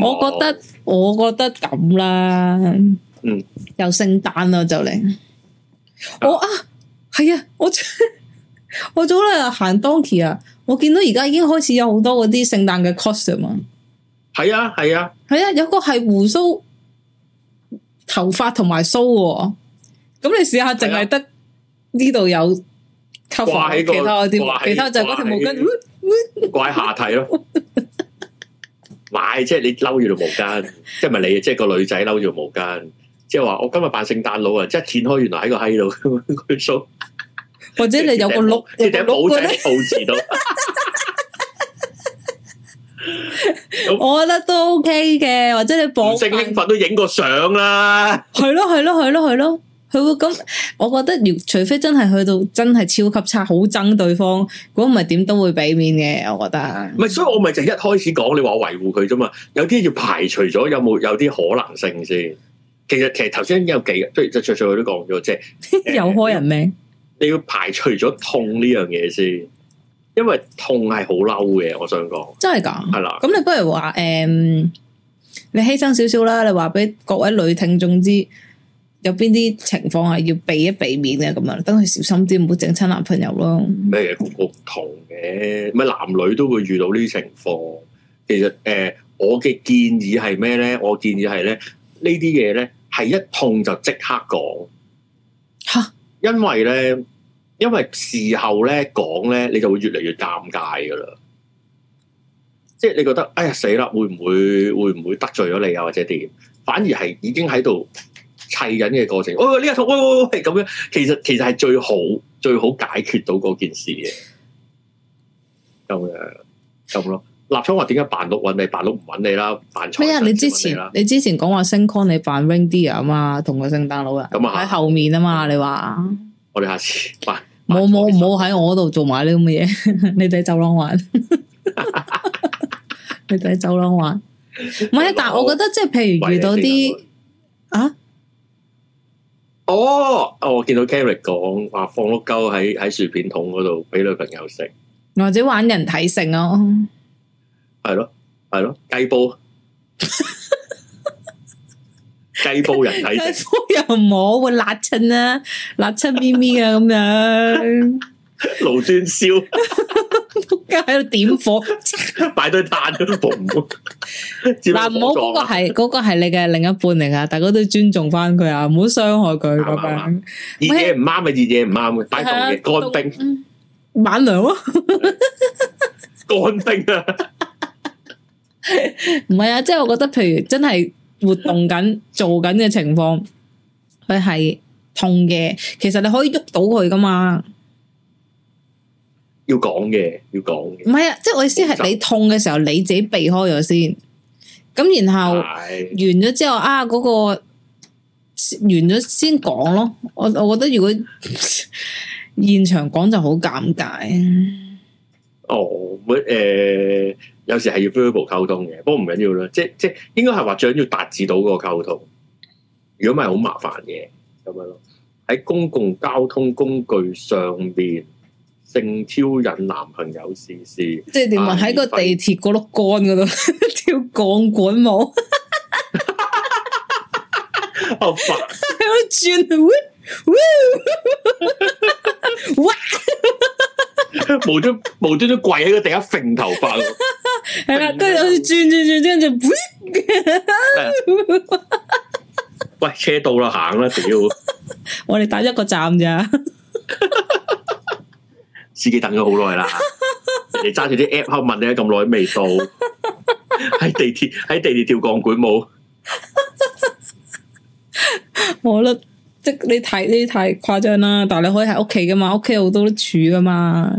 我覺得我覺得咁啦，嗯，又聖誕啦就嚟，嗯，我啊係啊，呀我 我早咧行 Donki 啊，我見到而家已經開始有好多嗰啲聖誕嘅 cos 啊嘛，係啊係啊，係啊，啊有個係鬍鬚、頭髮同埋鬚，咁你試下淨係得呢度有，有 cover，掛喺其他啲，其他就嗰條毛巾掛喺下體咯。 買即係你嬲住條毛巾，即係咪你，你？即係個女仔嬲住條毛巾，即係話我今日扮聖誕佬啊！即係掀開原來喺個閪度，佢梳或者你有個碌，個6，個的個的你頂碌仔布置都，我覺得都 OK 嘅，或者你綁，唔識拎都影個相啦，係咯係咯係咯係咯。佢會咁，我覺得，除除非真係去到真係超級差，好憎對方，如果唔係點都會俾面嘅。我覺得，唔係，所以我咪就一開始講你話維護佢啫嘛。有啲要排除咗，有冇有啲可能性先？其實其實頭先有幾，即係着着佢都講咗，即、就、係、是、 有開人咩？你要排除咗痛呢樣嘢先，因為痛係好嬲嘅。我想講，真係㗎，係啦。咁你不如話，誒、嗯，你犧牲少少啦。你話俾各位女聽眾知。有邊啲情況係要避一避免啊？咁樣，等佢小心啲，唔好整親男朋友咯。咩嘢？個個唔同嘅，咪男女都會遇到呢啲情況。其實，誒、呃，我嘅建議係咩咧？我建議係咧，這些呢啲嘢咧係一碰就即刻講吓，因為咧，因為事後咧講咧，你就會越嚟越尷尬噶啦。即、就、係、是、你覺得，哎呀死啦！會唔會會唔會得罪咗你啊？或者點？反而係已經喺度。砌緊嘅過程，喂、哎、呢一套，喂、哎、咁、哎、樣，其實其實係最好最好解決到嗰件事嘅，咁樣咁咯。立昌話點解扮鹿搵你，扮鹿唔搵你啦？扮咩啊？你之前你，你之前講話聖康你扮 reindeer 啊嘛，同個聖誕老人喺、啊、後面啊嘛，你話、嗯、我哋下次冇冇冇喺我度做埋啲咁嘅嘢，你喺走廊玩， 你喺走廊玩，唔係，但係我覺得即係譬如遇到啲啊。哦，我見到 Carrie 講話放碌鳩喺喺薯片桶嗰度俾女朋友食，或者玩人體性咯、啊 oh, so listDoars hando shotgun ,，係咯係咯雞煲雞煲人體煲又摸會辣親啊，辣親咪咪啊咁樣爐端燒。funktioniert 喺度點火，擺堆彈喺度爆。嗱，唔好嗰個係，嗰個係你嘅另一半嚟噶，大家都尊重翻佢啊，唔好傷害佢。拜拜。熱嘢唔啱咪熱嘢唔啱，擺凍嘢乾冰。晚涼咯，乾冰啊。唔係啊，即係我覺得，譬如真係活動緊、做緊嘅情況，佢係痛嘅。其實你可以喐到佢噶嘛。要講嘅，要講嘅。唔係啊，即、就、係、是、我意思係你痛嘅時候，你自己避開咗先。咁然後完咗之後啊，嗰、那個完咗先講咯。我我覺得如果現場講就好尷尬。哦，會、呃、誒，有時係要 verbal 溝通嘅，不過唔緊要啦。即即係應該係話最緊要達至到嗰個溝通。如果唔係好麻煩嘅咁樣咯。喺公共交通工具上邊。正挑引男朋友試試，即係點啊？喺個地鐵嗰碌杆嗰度跳鋼管舞、哎， 鋼管 好煩！喺度轉，無端無端端跪喺個地下揈頭髮，係啦，跟住好似轉轉轉，喂，車到啦，行啦，點 ？我哋打一個站咋？ 自己等咗好耐啦， 人哋揸住啲 app 後問你咁耐未到？喺 地鐵喺地鐵跳鋼管舞，我 諗，即你睇呢啲太誇張啦，但係你可以喺屋企噶嘛，屋企好多柱噶嘛，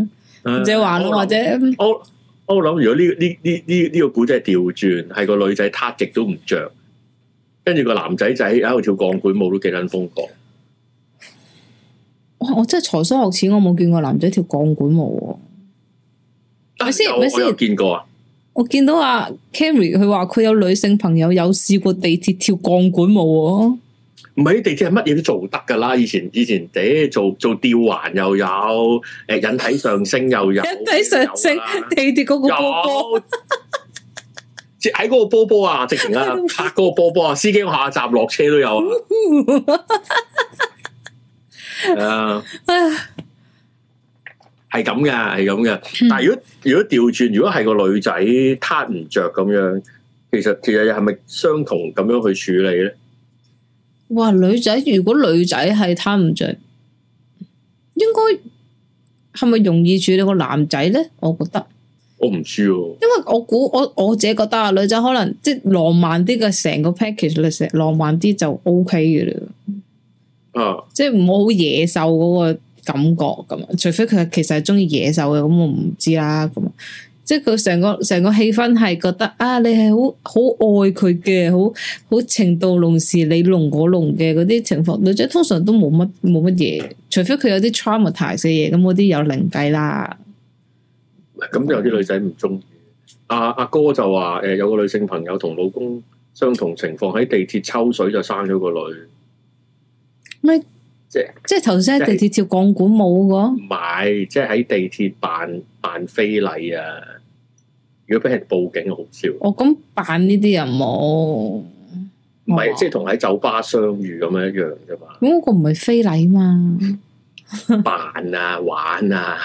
咁就玩咯，或者我我諗如果呢、這個呢呢呢呢個古仔調轉，係、這個這個、個女仔撻極都唔着，跟住個男仔仔喺度跳鋼管舞都幾撚風格。我真係財商學錢，我冇見過男仔跳鋼管舞，啊。咪先，咪先，我見過啊！我見到阿 Kerry，佢話佢有女性朋友有試過地鐵跳鋼管舞，啊。唔係地鐵，係乜嘢都做得噶啦！以前以前，誒、欸、做做吊環又有，誒引體上升又有，引體上升， 體上升，啊、地鐵嗰個波波，即係喺嗰個波波啊！直情啊，拍嗰個波波啊！ 司機下站落車都有。 誒 Yeah, 係咁嘅，係咁嘅。但係如果 如果調轉，如果係個女仔撻唔着咁樣，其實其實係咪相同咁樣去處理咧？哇，女仔如果女仔係撻唔着，應該係咪容易處理個男仔咧？我覺得我唔知哦、啊，因為我估我我自己覺得啊，女仔可能即係、就是、浪漫啲嘅成個 package 咧，成浪漫啲就 OK 嘅啦。啊、即係唔好野獸嗰個感覺咁，除非佢其實係中意野獸嘅，咁我唔知啦。咁即係佢成個成個氣氛係覺得啊，你係好好愛佢嘅，好好情到濃時你濃我濃嘅嗰啲情況。女仔通常都冇乜冇乜嘢，除非佢有啲 traumatise 嘅嘢，咁嗰啲有靈計啦。咁有啲女仔唔中意。阿、啊、阿、啊啊、哥就話，誒、呃，有個女性朋友同老公相同情況喺地鐵抽水就生咗個女。咩？即係即係頭先喺地鐵跳鋼管舞喎？唔係，即係喺地鐵扮扮非禮啊！如果俾人報警，就好笑。我咁扮呢啲人冇唔係，即係同喺酒吧相遇咁樣一樣啫嘛。咁、那、嗰個唔係非禮嘛？扮 啊，玩啊！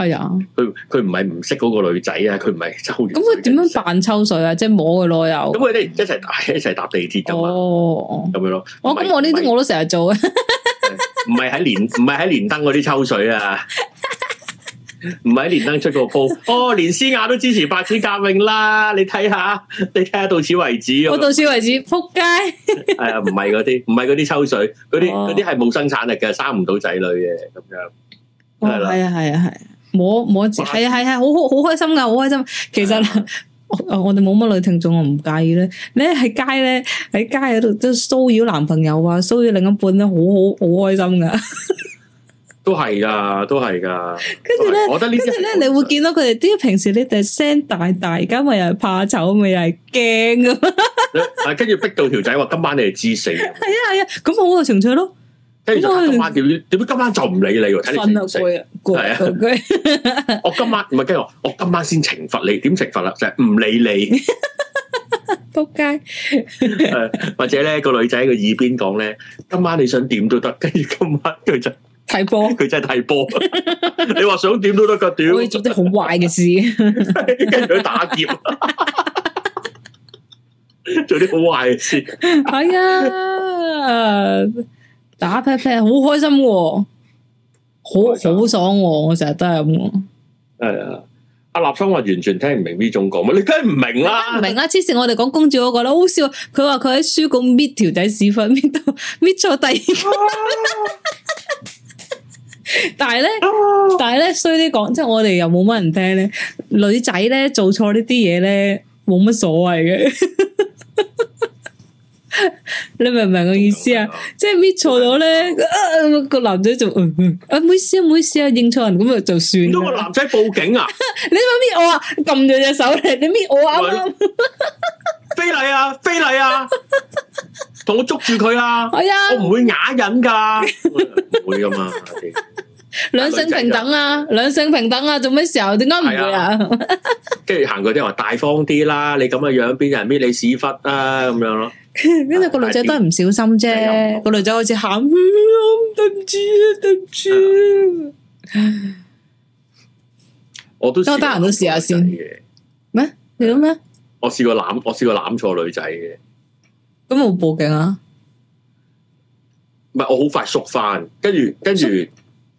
係啊，佢佢唔係唔識嗰個女仔啊，佢唔係抽，咁佢點樣扮抽水啊？即係摸個咯，又咁佢哋一齊一齊搭地鐵噶哦，咁樣咯。是是哦、我咁我呢啲我都成日做啊。唔係喺連唔係喺連登嗰啲抽水啊，唔係喺連登出個鋪。 哦，連詩雅都支持白紙革命啦，你睇下，你睇下到此為止啊，我到此為止，扑街。係 啊、哎，唔係嗰啲，唔係嗰啲抽水，嗰啲嗰啲係冇生產力嘅，生唔到仔女嘅，咁樣係、哦、啊，係啊，係啊。摸摸住，係啊係啊，好好好開心噶，好開心，好開心。其實、啊、 我哋冇乜女聽眾，我唔介意咧。你喺街咧，喺街嗰度都騷擾男朋友啊，騷擾另一半咧，好好好開心噶 。都係噶，都係噶。跟住咧，我覺得呢啲咧，你會見到佢哋，啲平時你哋聲大大，而家咪又係怕醜，咪又係驚噶。啊！ 跟住逼到條仔話，今晚你係知死。係啊係啊，咁好嘅情趣咯。跟住就今晚點點解今晚就唔理你，睇你點食。係啊，我今晚唔係住我，我今晚先懲罰你。點懲罰啦？就係、是、唔理你仆街。或者咧個女仔喺個耳邊講咧，今晚你想點都得。跟住今晚佢就睇波，佢真係睇波 你話想點都得個屌，我要做啲好壞嘅事。跟住佢打劫 做啲好壞嘅事係啊。哎呀打 pat pat 好開心喎、啊，好好爽喎、啊！我成日都係咁。係、哎、啊，阿立生話完全聽唔明呢種講法？你梗係唔明啦、啊，唔明啦！黐線，我哋講公主嗰、那個咧好笑，佢話佢喺書局搣條仔屎忽，搣到搣錯第二個。但係咧，但係咧，衰啲講，即係我哋又冇乜人聽咧。女仔咧做錯呢啲嘢咧，冇乜所謂嘅。 你明唔明我意思錯啊？即係搣錯咗咧，個男仔就、嗯、啊，唔好意思，唔好意思啊，認錯人咁啊，就算。如果個男仔報警啊， 你咪搣我啊，撳住隻手嚟，你搣我啊？ 非禮啊，非禮啊，同我捉住佢啊，係 的 啊，我唔會啞忍噶，唔會噶嘛。兩性平等啊，兩性平等啊，做咩時候？點解唔會啊？跟住行過啲人，大方啲啦，你咁嘅樣，樣，樣，樣、啊、樣，邊人搣你屎忽啊？咁樣咯。因 為個女仔都係唔小心啫，啊，個女仔好似喊，對唔住啊，對唔住。我都得閒都試下先。咩？你講咩？我試過攬，我試過攬錯女仔嘅。咁我報警啊？唔係，我好快縮翻，跟住跟住，誒誒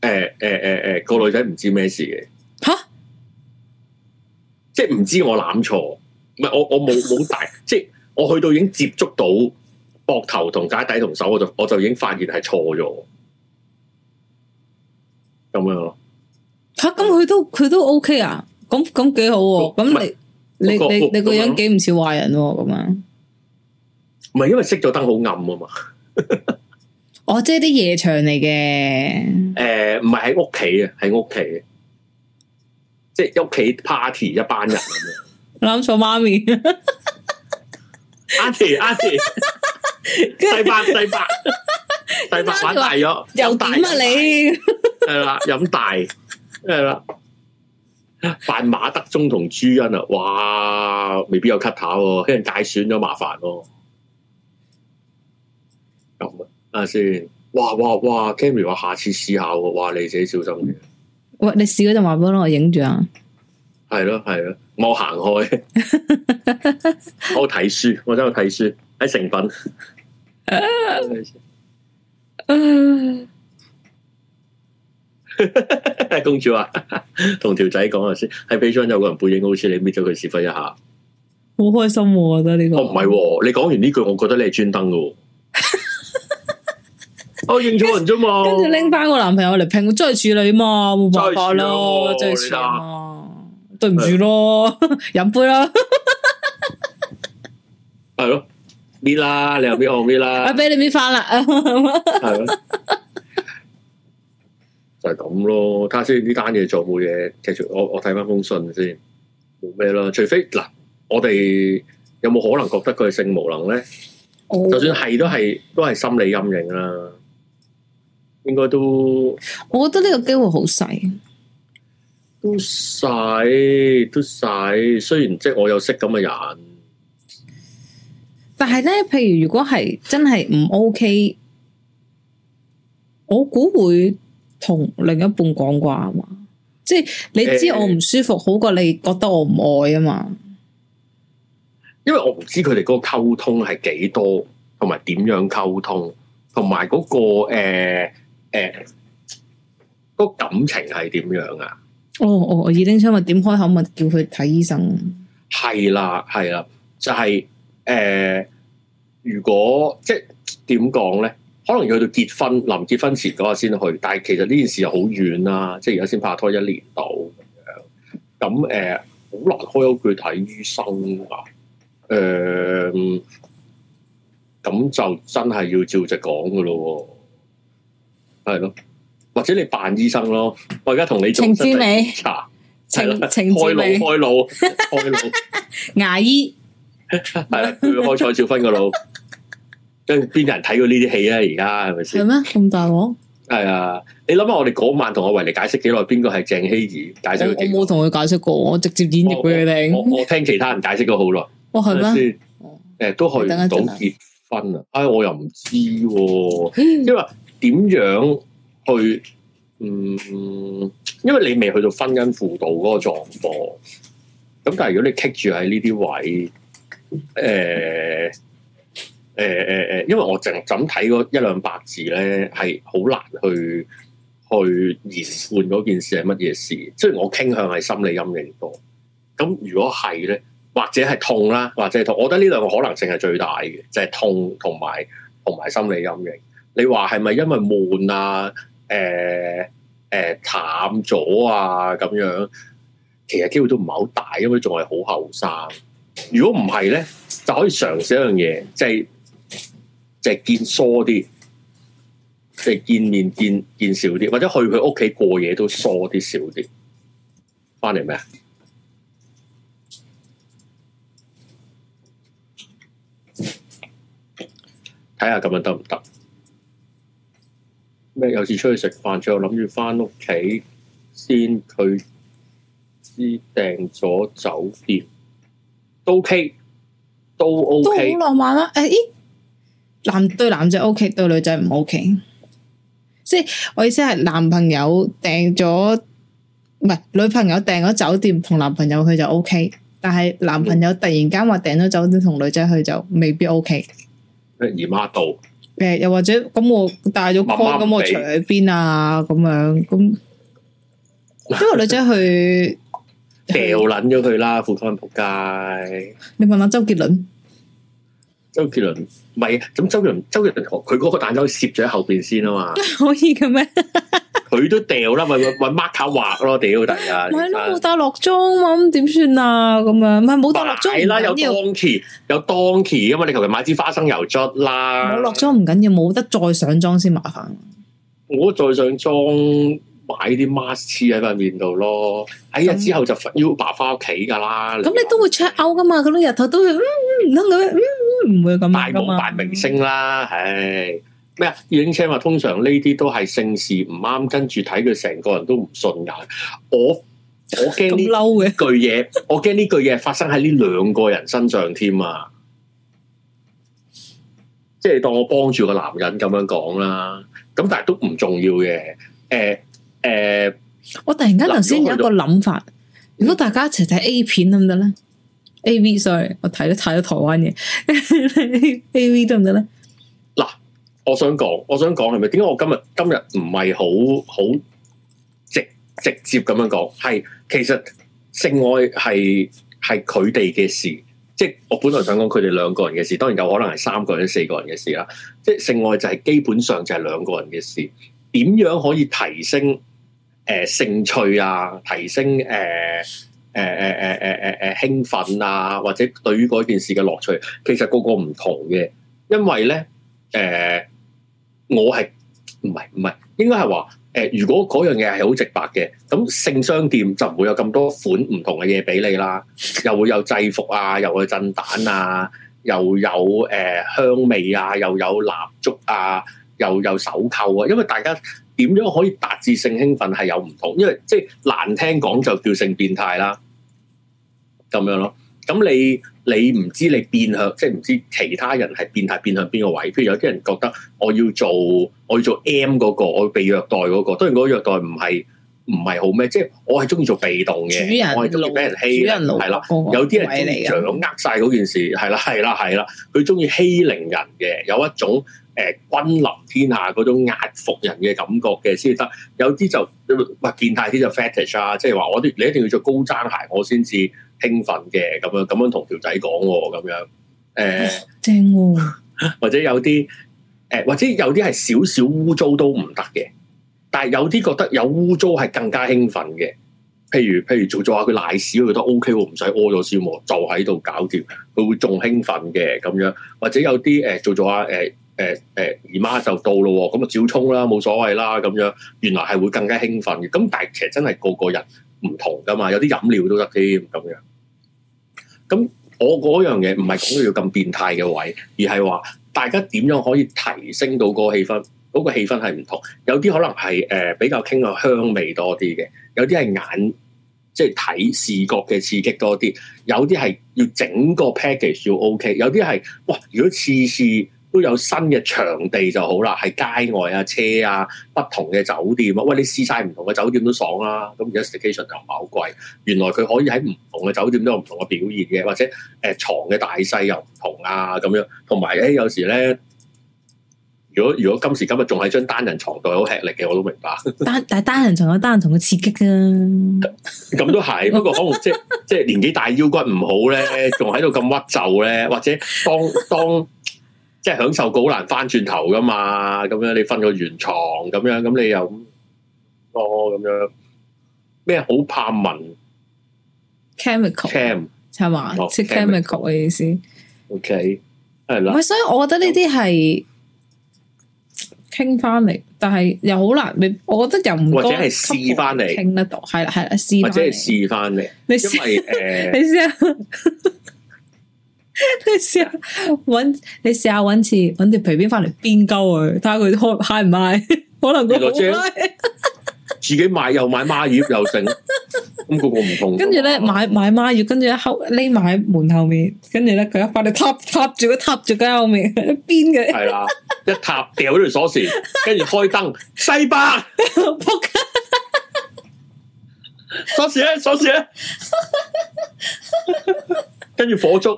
誒誒，個女仔唔知咩事嘅。吓、啊，即係唔知我攬錯，唔係我我冇冇 大，即係。我去到已經接觸到膊頭同腳底同手，我就我就已經發現係錯咗，咁樣咯。吓，咁佢都佢都 OK 啊？咁咁幾好喎？咁你你你你個人幾唔似壞人喎？咁啊，唔係因為熄咗燈好暗啊嘛。哦，哦哦哦哦哦哦啊、 哦即係啲夜場嚟嘅。誒、呃，唔係喺屋企嘅，喺屋企即係屋企 party 一班人咁樣。諗錯媽咪。 阿奇阿奇，第八，第八，第八，玩大咗，又大又啊你係啦，飲大係啦，扮馬德中同朱茵啊，哇，未必有 cut 頭喎，俾人解選咗麻煩咯，咁啊，係咪先？哇哇哇，Camry 話下次試下喎，啊，哇，你自己小心啲。喂，你試嗰陣話俾我，我影住啊。係咯，係咯。我行開，我睇書，我走去睇書喺成品。Uh, uh, 公主話同條仔講下先，喺背景有個人背影，好似你搣咗佢屎忽一下，好開心我覺得呢個。我唔係，你講完呢句，我覺得你係專登噶。我、 哦、認錯人啫嘛，跟住拎翻個男朋友嚟拼，再處理嘛，冇辦法咯，真係、啊。對唔住咯，飲 杯啦。係咯，搣啦，你又搣我搣啦，啊 俾你搣翻啦，係 咯，就係咁咯，睇下先，呢單嘢做冇嘢，繼續我我睇翻封信先，冇咩啦，除非嗱，我哋有冇可能覺得佢係性無能咧？Oh. 就算係都係都係心理陰影啦，應該都，我覺得呢個機會好細。都晒，都晒，雖然即係我有識咁嘅人，但係咧，譬如如果係真係唔 OK，我估會同另一半講啩嘛。即係你知我唔舒服，欸，好過你覺得我唔愛啊嘛。因為我唔知佢哋嗰個溝通係幾多，同埋點樣溝通，同埋嗰個誒誒，嗰感情係點樣啊？哦，我耳釘出問題點開口？咪叫佢睇醫生。係啦係啦，就係、是、誒、呃，如果即係點講咧？可能要去到結婚臨結婚前嗰日先去，但係其實呢件事又好遠啦。即係而家先拍拖一年度咁樣，咁誒好難開口去睇醫生啊。誒、呃，咁就真係要照直講噶咯，係咯。或者你扮醫生咯？我而家同你做診美查，情情，情，情開腦開腦開腦 牙醫係啦，佢 開蔡少芬個腦，跟邊人睇過戲呢啲戲啊？而家係咪先係咩咁大鑊？係啊，你諗下，我哋嗰晚同阿維尼解釋幾耐？邊個係鄭希怡？解釋我冇同佢解釋過，我直接演繹畀佢哋。我我，我，我聽其他人解釋咗好耐。哇、哦，係咩？誒，都去到結婚啊！唉、哎，我又唔知、啊，因為點樣？去，嗯，因為你未去到婚姻輔導嗰個狀況，咁但係如果你棘住喺呢啲位，誒、欸，誒、欸、誒、欸，因為我淨係咁睇嗰一兩百字咧，係好難去去延緩嗰件事係乜嘢事。雖然我傾向係心理陰影多，咁如果係咧，或者係痛啦，或者係痛，我覺得呢兩個可能性係最大嘅，就係、是、痛同埋同埋心理陰影。你話係咪因為悶啊？誒、呃、誒、呃，淡咗啊，咁樣其實機會都唔係好大，因為仲係好後生。如果唔係咧，就可以嘗試一樣嘢，即係即係見疏啲，即係見面見見少啲，或者去佢屋企過夜都疏啲少啲。翻嚟咩？睇下咁樣得唔得？有次出去食飯，最後諗住翻屋企先，佢先訂咗酒店，都 OK，都 OK。都好浪漫啦、啊哎！咦？男對男仔 OK，對女仔唔 OK。即係我意思係，男朋友訂咗唔係女朋友訂咗酒店，同男朋友去就 OK，但係男朋友突然間話訂咗酒店同女仔去就未必 OK。姨媽度。誒，又或者咁我戴咗 Con，咁我除喺邊啊？咁樣咁，呢個女仔去掉捻咗佢啦，富康仆街。你問下周杰倫。周杰倫唔係，咁周杰倫周杰倫學佢嗰個蛋奏，攝咗喺後邊先啊嘛，可以嘅咩？佢 都了不不掉啦，咪咪咪抹下畫咯屌大家，唔係咯冇戴落妝嘛，咁點算啊？咁樣係冇戴落妝唔緊要，有當期有當期啊嘛，你求其買支花生油捽啦，我落妝唔緊要，冇得再上妝先麻煩。我再上妝。買啲 mask 黐喺塊面度咯，喺、哎、日、嗯、之後就要白翻屋企噶啦。咁、嗯、你，你都會 check out 噶嘛？咁日頭都會嗯，唔、嗯、通會咁、嗯嗯、大模大明星啦？係、唉、嗯，咩啊？影星話通常呢啲都係姓氏唔啱，跟住睇佢成個人都唔順眼。我我驚呢句嘢，我驚呢句嘢 發生喺呢兩個人身上添啊！即係當我幫住個男人咁樣講啦，咁但係都唔重要嘅。誒、欸。誒、uh，我突然間頭先有一個諗法如，嗯，如果大家一齊睇 A 片得唔得咧？A V sorry，我睇得太多台灣嘢。A V 得唔得咧？嗱，我想講，我想講係咪？點解我今日今日唔係好好直直接咁樣講？係其實性愛係係佢哋嘅事，即係我本來想講佢哋兩個人嘅事，當然有可能係三個人、四個人嘅事啦。即係性愛就係基本上就係兩個人嘅事，點樣可以提升？誒，興趣啊，提升誒，誒、呃，誒、呃，誒、呃，誒、呃，誒，誒，興奮啊，或者對於嗰件事嘅樂趣，其實個個唔同嘅，因為咧，誒、呃，我係唔係唔係，應該係話，誒、呃，如果嗰樣嘢係好直白嘅，咁性商店就唔會有咁多款唔同嘅嘢俾你啦，又會有制服啊，又會有震蛋啊，又有誒、呃、香味啊，又有蠟燭啊，又有手扣啊，因為大家。點樣可以達致性興奮係有唔同，因為即係難聽講就叫性變態啦，咁樣咯。咁你你唔知你變向，即係唔知其他人係變態變向邊個位。譬如有啲人覺得我要做我要做 M 嗰個，我要被虐待嗰個。當然嗰個虐待唔係唔係好咩，即係我係中意做被動嘅，我係中意俾人欺。係啦，有啲人中意掌握曬嗰件事，係啦係啦係啦，佢中意欺凌人嘅，有一種。誒君臨天下嗰種壓服人嘅感覺嘅先得，有啲就唔係變態啲就 fetish 啊，即係話我啲你一定要着高踭鞋，我先至興奮嘅，咁樣咁樣同條仔講喎，咁樣誒正喎、哦 呃，或者有啲誒或者有啲係少少污糟都唔得嘅，但係有啲覺得有污糟係更加興奮嘅，譬如譬如做做下佢瀨屎佢都 O K 喎，唔使屙咗先喎，就喺度搞掂佢會仲興奮嘅咁樣，或者有啲誒、呃、做做下誒。呃誒、欸、誒、欸，姨媽就到咯，咁、嗯、啊，照沖啦，冇所謂啦，咁樣原來係會更加興奮嘅。咁但係其實真係個個人唔同噶嘛，有啲飲料都得添。咁樣。咁我嗰樣嘢唔係講到要咁變態嘅位，而係話大家點樣可以提升到個氣氛？嗰、那個氣氛係唔同，有啲可能係誒、呃，比較傾向香味多啲嘅，有啲係眼即係睇視覺嘅刺激多啲，有啲係要整個 package 要 OK，有啲係哇，如果次次。都有新嘅場地就好啦，喺街外啊、車啊、不同嘅酒店啊，喂，你試晒唔同嘅酒店都爽啦、啊。咁而家 station 又唔係好貴，原來佢可以喺唔同嘅酒店都有唔同嘅表現嘅，或者誒牀嘅大細又唔同啊咁樣，同埋誒有時咧，如果如果今時今日仲喺張單人牀度，好吃力嘅我都明白。但但單但係單人床有單人牀嘅刺激啊，咁、啊、都係。 不過可能即即年紀大腰骨唔好咧，仲喺度咁屈就咧，或者當當。即係享受過好難翻轉頭㗎嘛，咁樣你瞓個原床咁樣，咁你又多咁、哦、樣咩？好怕聞 chemical，Chem 係咪？即 chemical 嘅意思。Oh, OK，係、okay. 啦、so, so, is... you, not... not...。唔係，所以我覺得呢啲係傾翻嚟，但係又好難。你，我覺得又唔或者係試翻嚟傾得到，係啦係啦，試或者係試翻嚟。你試，你 試、uh... 你試下搵，你試下搵次搵條皮鞭翻嚟鞭鳩佢，睇下佢開開唔開，可能佢唔 自己買又買孖魚又剩，咁 個個唔同。跟住咧買買孖魚，跟住一敲，匿埋喺門後面，跟住咧佢一翻嚟，撻撻住佢，撻住喺後面，鞭嘅？係啦，一撻掉咗條鎖匙，跟住開燈， 西巴霸，鎖 匙咧、啊，鎖匙咧、啊，跟住、啊、 火燭。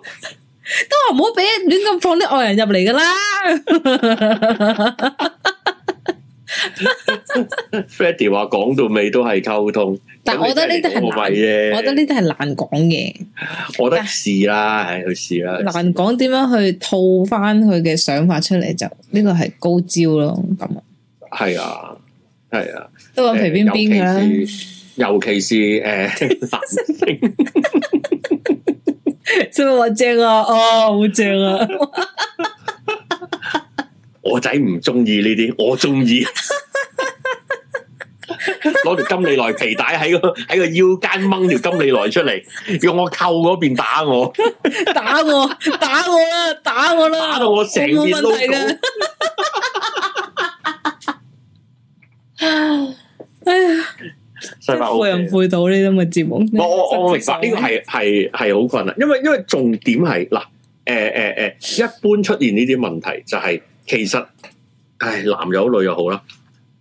都話唔好俾亂咁放啲外人入嚟噶啦。Freddy 話講到尾都係溝通，但係我覺得呢啲係難，我覺得呢啲係難講嘅。我覺得試啦，係去試啦。難講點樣去套翻佢嘅想法出嚟，就呢個係高招咯。咁啊，係啊，係啊，都話皮邊邊噶啦。尤其是誒。真係好正啊！哦，好正啊！ 我仔唔中意呢啲，我中意。攞條金利來皮帶喺個喺個腰間掹條金利來出嚟，用我扣嗰邊打， 打我，打我，打我啦，打我啦，打到我成面都係。 即係婦人婦到呢啲咁嘅節目，我我我明白呢個係係係好困難，因為因為重點係嗱，誒誒誒，一般出現呢啲問題就係、是、其實，唉，男又好，女又好啦，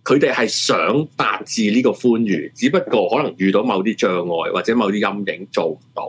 佢哋係想達至呢個歡愉，只不過可能遇到某啲障礙或者某啲陰影做唔到，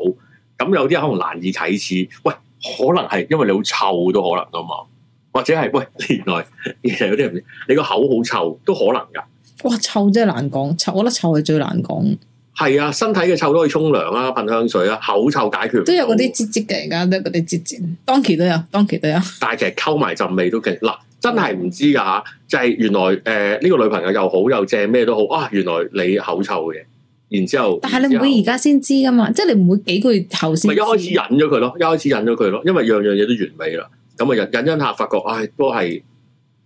咁有啲可能難以啟齒。喂，可能係因為你好臭都可能啊嘛，或者係喂，原來其實有啲人你個口好臭都可能噶。哇，臭真係難講，臭我諗臭係最難講。係啊，身體嘅臭都可以沖涼啊、噴香水啊、口臭解決。都有嗰啲積積嘅，而家都嗰啲積積，當期都有，當期都有。但係其實溝埋浸味都勁嗱、嗯，真係唔知噶吓，就係、是、原來誒呢、呃這個女朋友又好又正咩都好，啊，原來你口臭嘅，然之後。但係你唔會而家先知噶嘛？嗯、即係你唔會幾個月後先。咪一開始忍咗佢咯，一開始忍咗佢咯，因為樣樣嘢都完美啦。咁啊忍，忍，忍一下發覺，唉、哎、都係。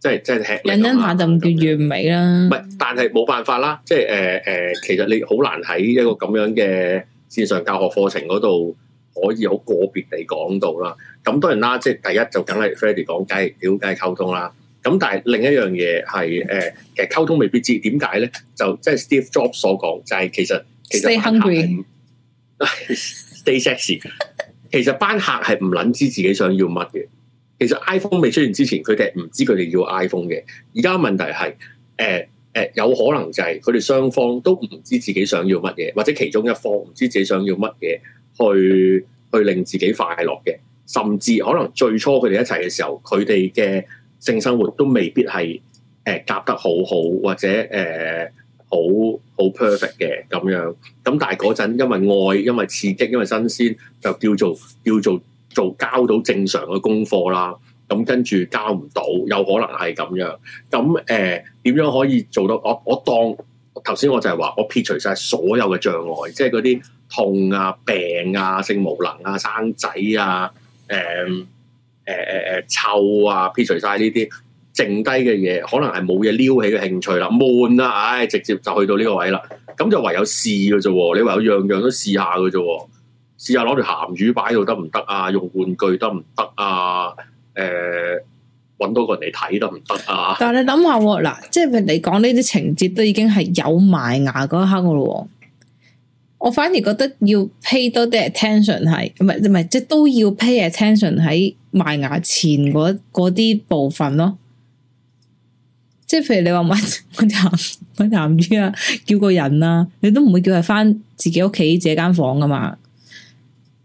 即係即係吃，引恩下，就唔叫完美啦。唔係，但係冇辦法啦。即係誒誒，其實你好難喺一個咁樣嘅線上教學課程嗰度，可以好個別地講到啦。咁當然啦，即係第一就梗係 Freddy 講，梗係了解溝通啦。咁但係另一樣嘢係誒，其實溝通未必知點解咧。就即係、就是、Steve Jobs 所講，就係、是、其實 Stay hungry，Stay sexy 其實班客係唔捻知自己想要乜嘅。其實 iPhone 未出現之前，佢哋唔知佢哋要 iPhone 嘅。而家問題係，呃呃，有可能就係佢哋雙方都唔知自己想要乜嘢，或者其中一方唔知自己想要乜嘢，去去令自己快樂嘅。甚至可能最初佢哋一齊嘅時候，佢哋嘅性生活都未必係誒夾得好好，或者誒好好 perfect 嘅咁樣。咁但係嗰陣因為愛，因為刺激，因為新鮮，就叫做叫做。做交到正常嘅功課啦，咁跟住交唔到，有可能係咁樣。咁誒點樣可以做到？我我當頭先我就係話，我撇除晒所有嘅障礙，即係嗰啲痛啊、病啊、性無能啊、生仔啊、誒誒誒誒臭啊，撇除晒呢啲，剩低嘅嘢可能係冇嘢撩起嘅興趣啦，悶啦，唉、哎，直接就去到呢個位啦。咁就唯有試㗎咋喎，你唯有樣樣都試下㗎咋喎。試下攞條鹹魚擺度得唔得啊？用玩具得唔得啊？誒、欸，搵多個人嚟睇得唔得啊？但係你諗下嗱，即係你講呢啲情節都已經係有埋牙嗰一刻噶咯。我反而覺得要 pay 多啲 attention 係，唔係唔係，即係都要 pay attention 喺埋牙前嗰啲部分咯。即係譬如你話買買咸鹹魚啊，叫個人啊，你都唔會叫佢翻自己屋企自己間房噶嘛。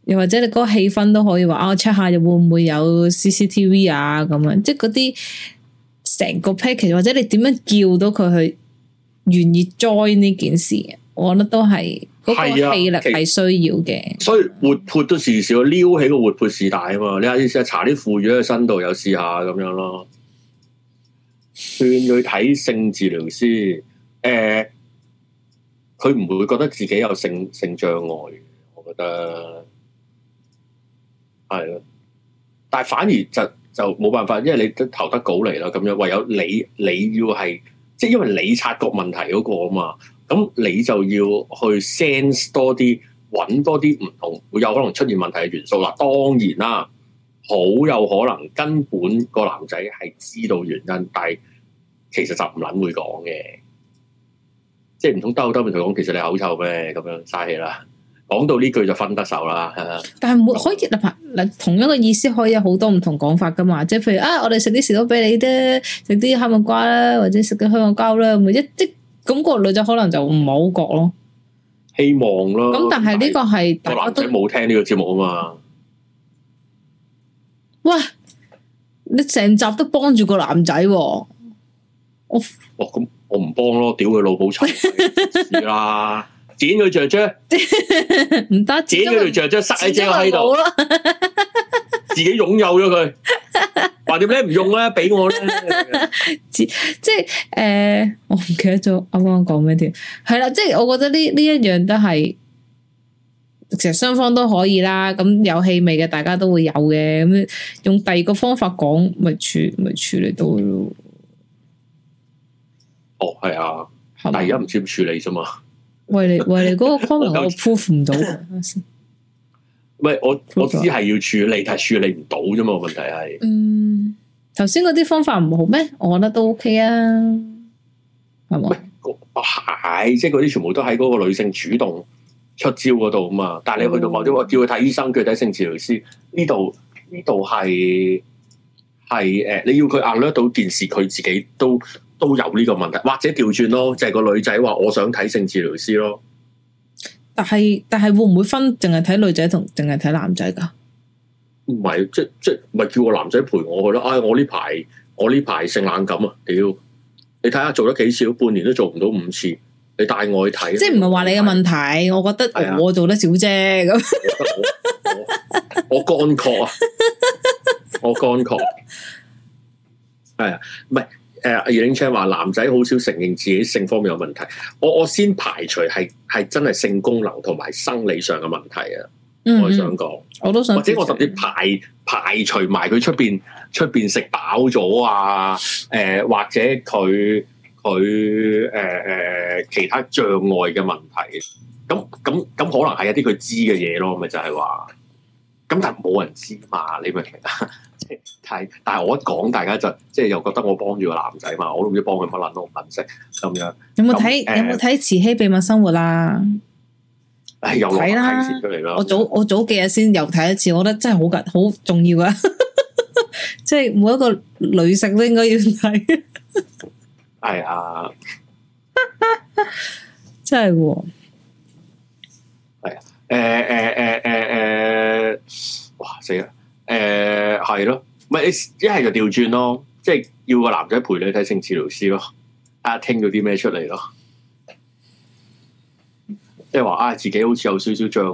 又或者你嗰個氣氛都可以話啊 check 下又會唔會有 CCTV 啊咁樣，即係嗰啲成個 package 或者你點樣叫到佢去願意 join 呢件事，我覺得都係嗰、嗰個氣力係需要嘅、啊。所以活潑都時少撩起個活潑是大啊嘛！你下次查啲腐乳嘅深度又試下咁樣咯。勸佢睇性治療師，誒、 欸，佢唔會覺得自己有性性障礙，我覺得。係咯，但係反而就就冇辦法，因為你都投得稿嚟啦，咁樣唯有你你要係，即係因為你察覺問題嗰個啊嘛，咁你就要去 sense 多啲，揾多啲唔同，會有可能出現問題嘅元素。嗱，當然啦，好有可能根本個男仔係知道原因，但係其實就唔捻會講嘅，即係唔通兜兜面同佢講，其實你口臭咩咁樣了，嘥氣啦。講到呢句就分得手啦，但係冇可以嗱，嗱、嗯、同樣嘅意思可以有好多唔同講法㗎嘛，即係譬如啊，我哋食啲士多啤梨啫，食啲哈密瓜啦，或者食啲香港膠啦，一即咁個女仔可能就唔係好覺咯，希望咯。咁但係呢個係大家都冇聽呢個節目啊嘛，哇！你成集都幫住個男仔，我咁、哦嗯、我唔幫咯，屌佢老母臭啦！ 剪佢着着，唔得。剪佢着着，塞喺遮我喺度，自己擁有咗佢。話點解唔用咧，俾我咧 即係誒、呃，我唔記得咗啱啱講咩添。係啦，即係我覺得呢呢一樣都係，其實雙方都可以啦。咁有氣味嘅，大家都會有嘅。咁用第二個方法講，咪處咪處理到咯。哦，係啊，但而家唔知點處理啫嘛。為你為你嗰個光頭， 我 proof 唔到。唔係，我我知係要處理， 但係處理唔到啫嘛。問題係，嗯，頭先嗰啲方法唔好咩？我覺得都 OK 啊，係嘛？係，即係嗰啲全部都喺嗰個女性主動出招嗰度啊嘛。 但係你去到某啲，我叫佢睇醫生，叫佢睇性治療師。呢度呢度係係誒，你要佢壓得到件事，佢自己都。都有呢個問題，或者調轉咯，就係、是、個女仔話我想睇性治療師咯。但係但係會唔會分淨係睇女仔同淨係睇男仔噶？唔係，即即唔係叫個男仔陪我咯。唉，我呢排、哎、我呢排性冷感啊，屌！你睇下做咗幾次，半年都做唔到五次。你帶我去睇，即唔係話你嘅問題、啊，我覺得我做得少啫。咁、啊， 我乾涸啊，我乾涸。係 啊，唔係。誒，阿葉永昌話男仔好少承認自己性方面有問題，我我先排除係係真係性功能同埋生理上嘅問題啊、嗯嗯，我想講，我都想，或者我甚至排排除埋佢出邊出邊食飽咗啊，誒、呃、或者佢佢誒誒其他障礙嘅問題，咁咁咁可能係一啲佢知嘅嘢咯，咪就係話，咁但係冇人知嘛，你咪其他。係，但係我一講，大家就即係又覺得我幫住個男仔嘛，我幫都唔知幫佢乜捻我唔識咁樣。有冇睇有冇睇慈禧秘密生活、啊、啦？哎，又睇啦，我早我早幾日先又睇一次，我覺得真係好噶，好重要啊！ 即係每一個女性都應該要睇、 哎呀。係 啊，真係喎。係、哎、啊，誒誒誒誒誒，哇死啦！誒，係咯、呃，咪一係就調轉咯，即係要個男仔陪你睇性治療師咯，睇下聽到啲咩出嚟咯，即係話啊自己好似有少少障礙咁、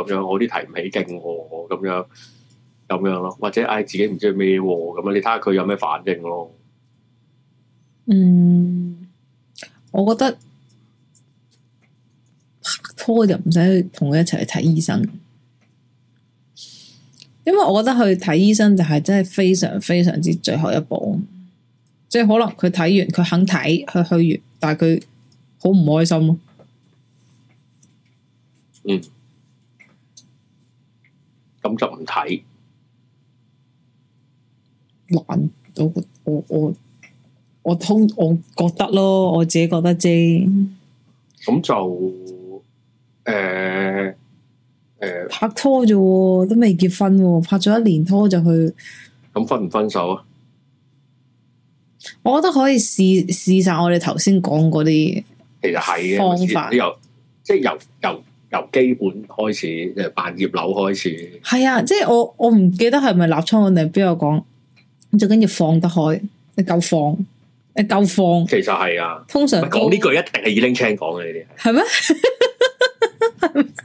哦、樣，我啲提唔起勁咁、哦、樣，咁樣咯，或者唉、哎、自己唔知咩咁啊，你睇下佢有咩反應咯。嗯，我覺得拍拖就唔使同佢一齊去睇醫生。因為我覺得去睇醫生就係真係非常非常之最後一步，即係可能佢睇完佢肯睇佢去完，但係佢好唔開心咯。嗯，咁就唔睇，難道我我我通我覺得咯，我自己覺得啫。咁就誒。呃誒，拍拖啫，都未結婚喎，拍咗一年拖就去，咁分唔分手啊？我覺得可以試試晒我哋頭先講嗰啲。其實係嘅方法，即係由由由，由，由基本開始，誒，辦葉樓開始。係啊，即係我我唔記得係咪立倉定係邊個講。最緊要放得開，你夠放，你夠放。其實係啊，通常講呢句一定係已零青講嘅呢啲係咩？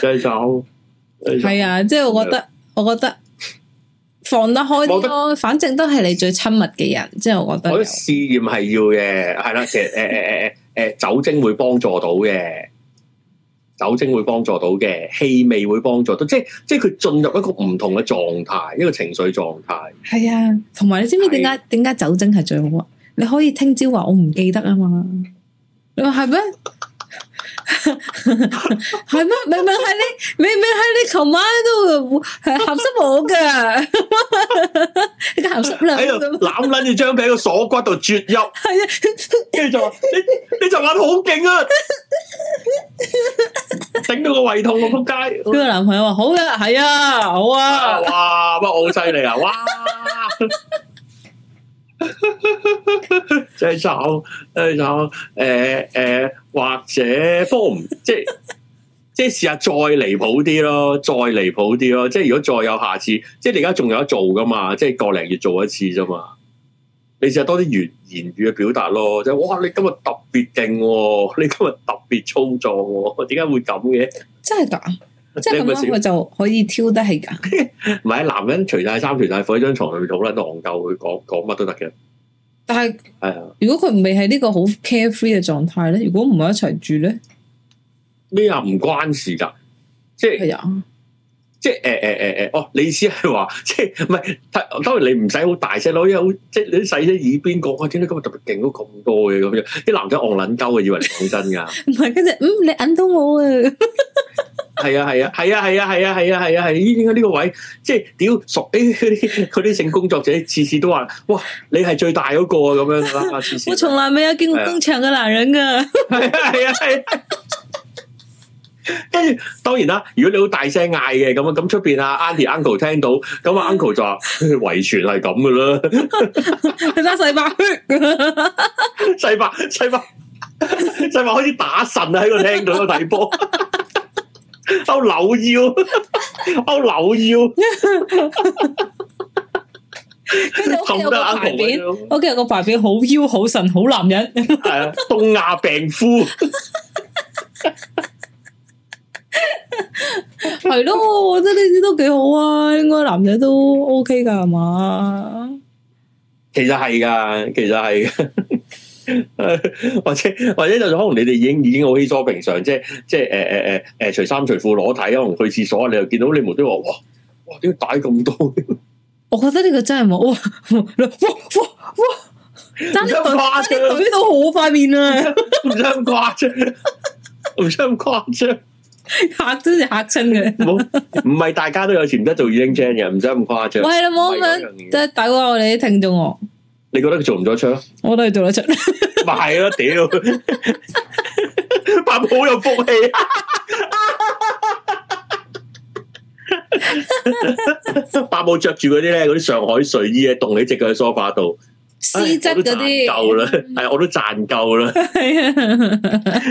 繼續，係啊，即係我覺得、啊、我覺得，我覺得放得開啲咯，反正都係你最親密嘅人，即係我覺得。是我覺得試驗係要嘅，係啦、啊，其實誒誒誒誒，誒酒精會幫助到嘅，酒精會幫助到嘅，氣味會幫助到嘅，即係即係佢進入一個唔同嘅狀態，一個情緒狀態。係啊，同埋你知唔知點解點解酒精係最好啊？你可以聽朝話我唔記得啊嘛，你話係咩？係 咩？明明係你，明明係你，琴晚都會含濕我嘅，你含濕喺度攬捻住張被個鎖骨度啜泣。係 啊，跟住就話你，你昨晚好勁啊，整 到個胃痛、啊，我仆街。佢個男朋友話好嘅、啊，係啊，好啊，哇，不過我好犀利啊，哇！即係就，即係誒誒，或者都唔，即係即係試下再離譜啲咯，再離譜啲咯。即係如果再有下次，即係你而家仲有得做噶嘛？即係個零月做一次啫嘛。你試下多啲言言語嘅表達咯。就哇，你今日特別勁，你今日特別粗壯，我點解會咁嘅？真係噶。即係咁樣，佢就可以挑得起噶。唔係， 男人除晒衫、除晒褲喺張床上面坐啦，嗆嗆都憨鳩佢講講乜都得嘅。但係，係、哎、啊，如果佢唔係呢個好 carefree 嘅狀態咧，如果唔係一齊住咧，咩啊？唔關事噶，即係，係啊，即係誒誒誒誒，哦，你意思係話，即係唔係？當然你唔使好大聲咯，因為好即係你細聲耳邊講，我點解今日特別勁咗咁多嘅咁樣？啲男仔戇撚鳩嘅，以為講真噶，唔 係，跟住嗯，你揞到我啊！ 係啊，係啊，係啊，係啊，係啊，係啊，係呢，點解呢個位，即係屌熟啲佢啲性工作者，次次都話哇，你係最大嗰個咁樣啦，次次我從來未有見過咁長嘅男人噶。係啊，係啊，係，跟住當然啦，如果你好大聲嗌嘅咁啊，咁出邊阿 uncle 聽到咁，阿 uncle 就話遺傳係咁噶啦，你真係細白細白細白細白，開始打神喺度聽到個大波。勾扭腰， 我留腰， 勾扭腰。跟住屋企有個牌匾，屋企有個牌匾，好腰好腎好男人，係 啊，東亞病夫。係咯，我覺得呢啲都幾好啊，應該男人都 OK 噶係嘛。其實係噶，其實係。或 者或者，或者就可能你哋已經已經好稀鬆平常，即係即係誒誒誒誒，除衫除褲裸體，可、呃、能去廁所，你又見到你無端話，哇哇，點解戴咁多？我覺得呢個真係冇，哇哇哇，哇，哇，真係誇張，誇張到好塊面啊！唔使咁誇張，唔使咁誇張，吓真係嚇親嘅。唔唔係大家都有時唔得做 Young Gen 嘅，唔使咁誇張。喂，你冇問，即係大家我哋聽眾。你覺得佢做唔做，做得出？我覺得佢做得出。咪係咯，屌！八寶好有福氣，啊。 八寶着住嗰啲咧，嗰啲上海睡衣，喺凍你直隻腳喺梳化度。絲質嗰啲夠啦，係我都賺夠啦。 哎、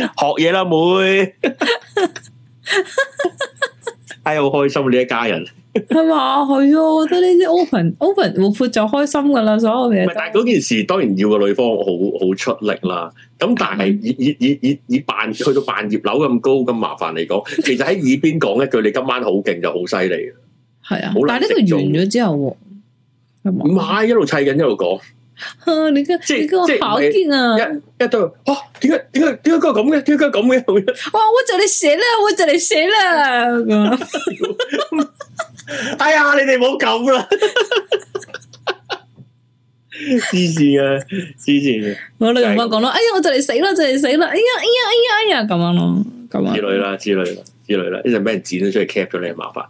學嘢啦，妹。係 好、哎、開心啊！呢一家人。佢話係啊，我覺得呢啲 open open 活潑就開心噶啦，所有嘢。唔係，但係嗰件事當然要個女方好好出力啦。咁但係以 以以以扮去到扮業樓咁高咁麻煩嚟講，其實喺耳邊講一句，你 今晚好勁就好犀利啦。係啊，好難。但呢度完咗之後，唔係一路砌緊一路講。你嘅即係即係跑勁啊！一一對，啊點解點解點解個咁嘅？點解咁嘅？哇！我就嚟死啦！我就嚟死啦！哎呀！你哋唔好咁啦，黐線啊！黐線嘅。我你唔好講咯，這哎呀，我就嚟死啦，就嚟死啦，哎呀，哎呀，哎呀，哎呀，咁樣咯，咁樣。之類啦，之類啦，之類啦，一陣俾人剪咗出去 cap 咗你，麻煩。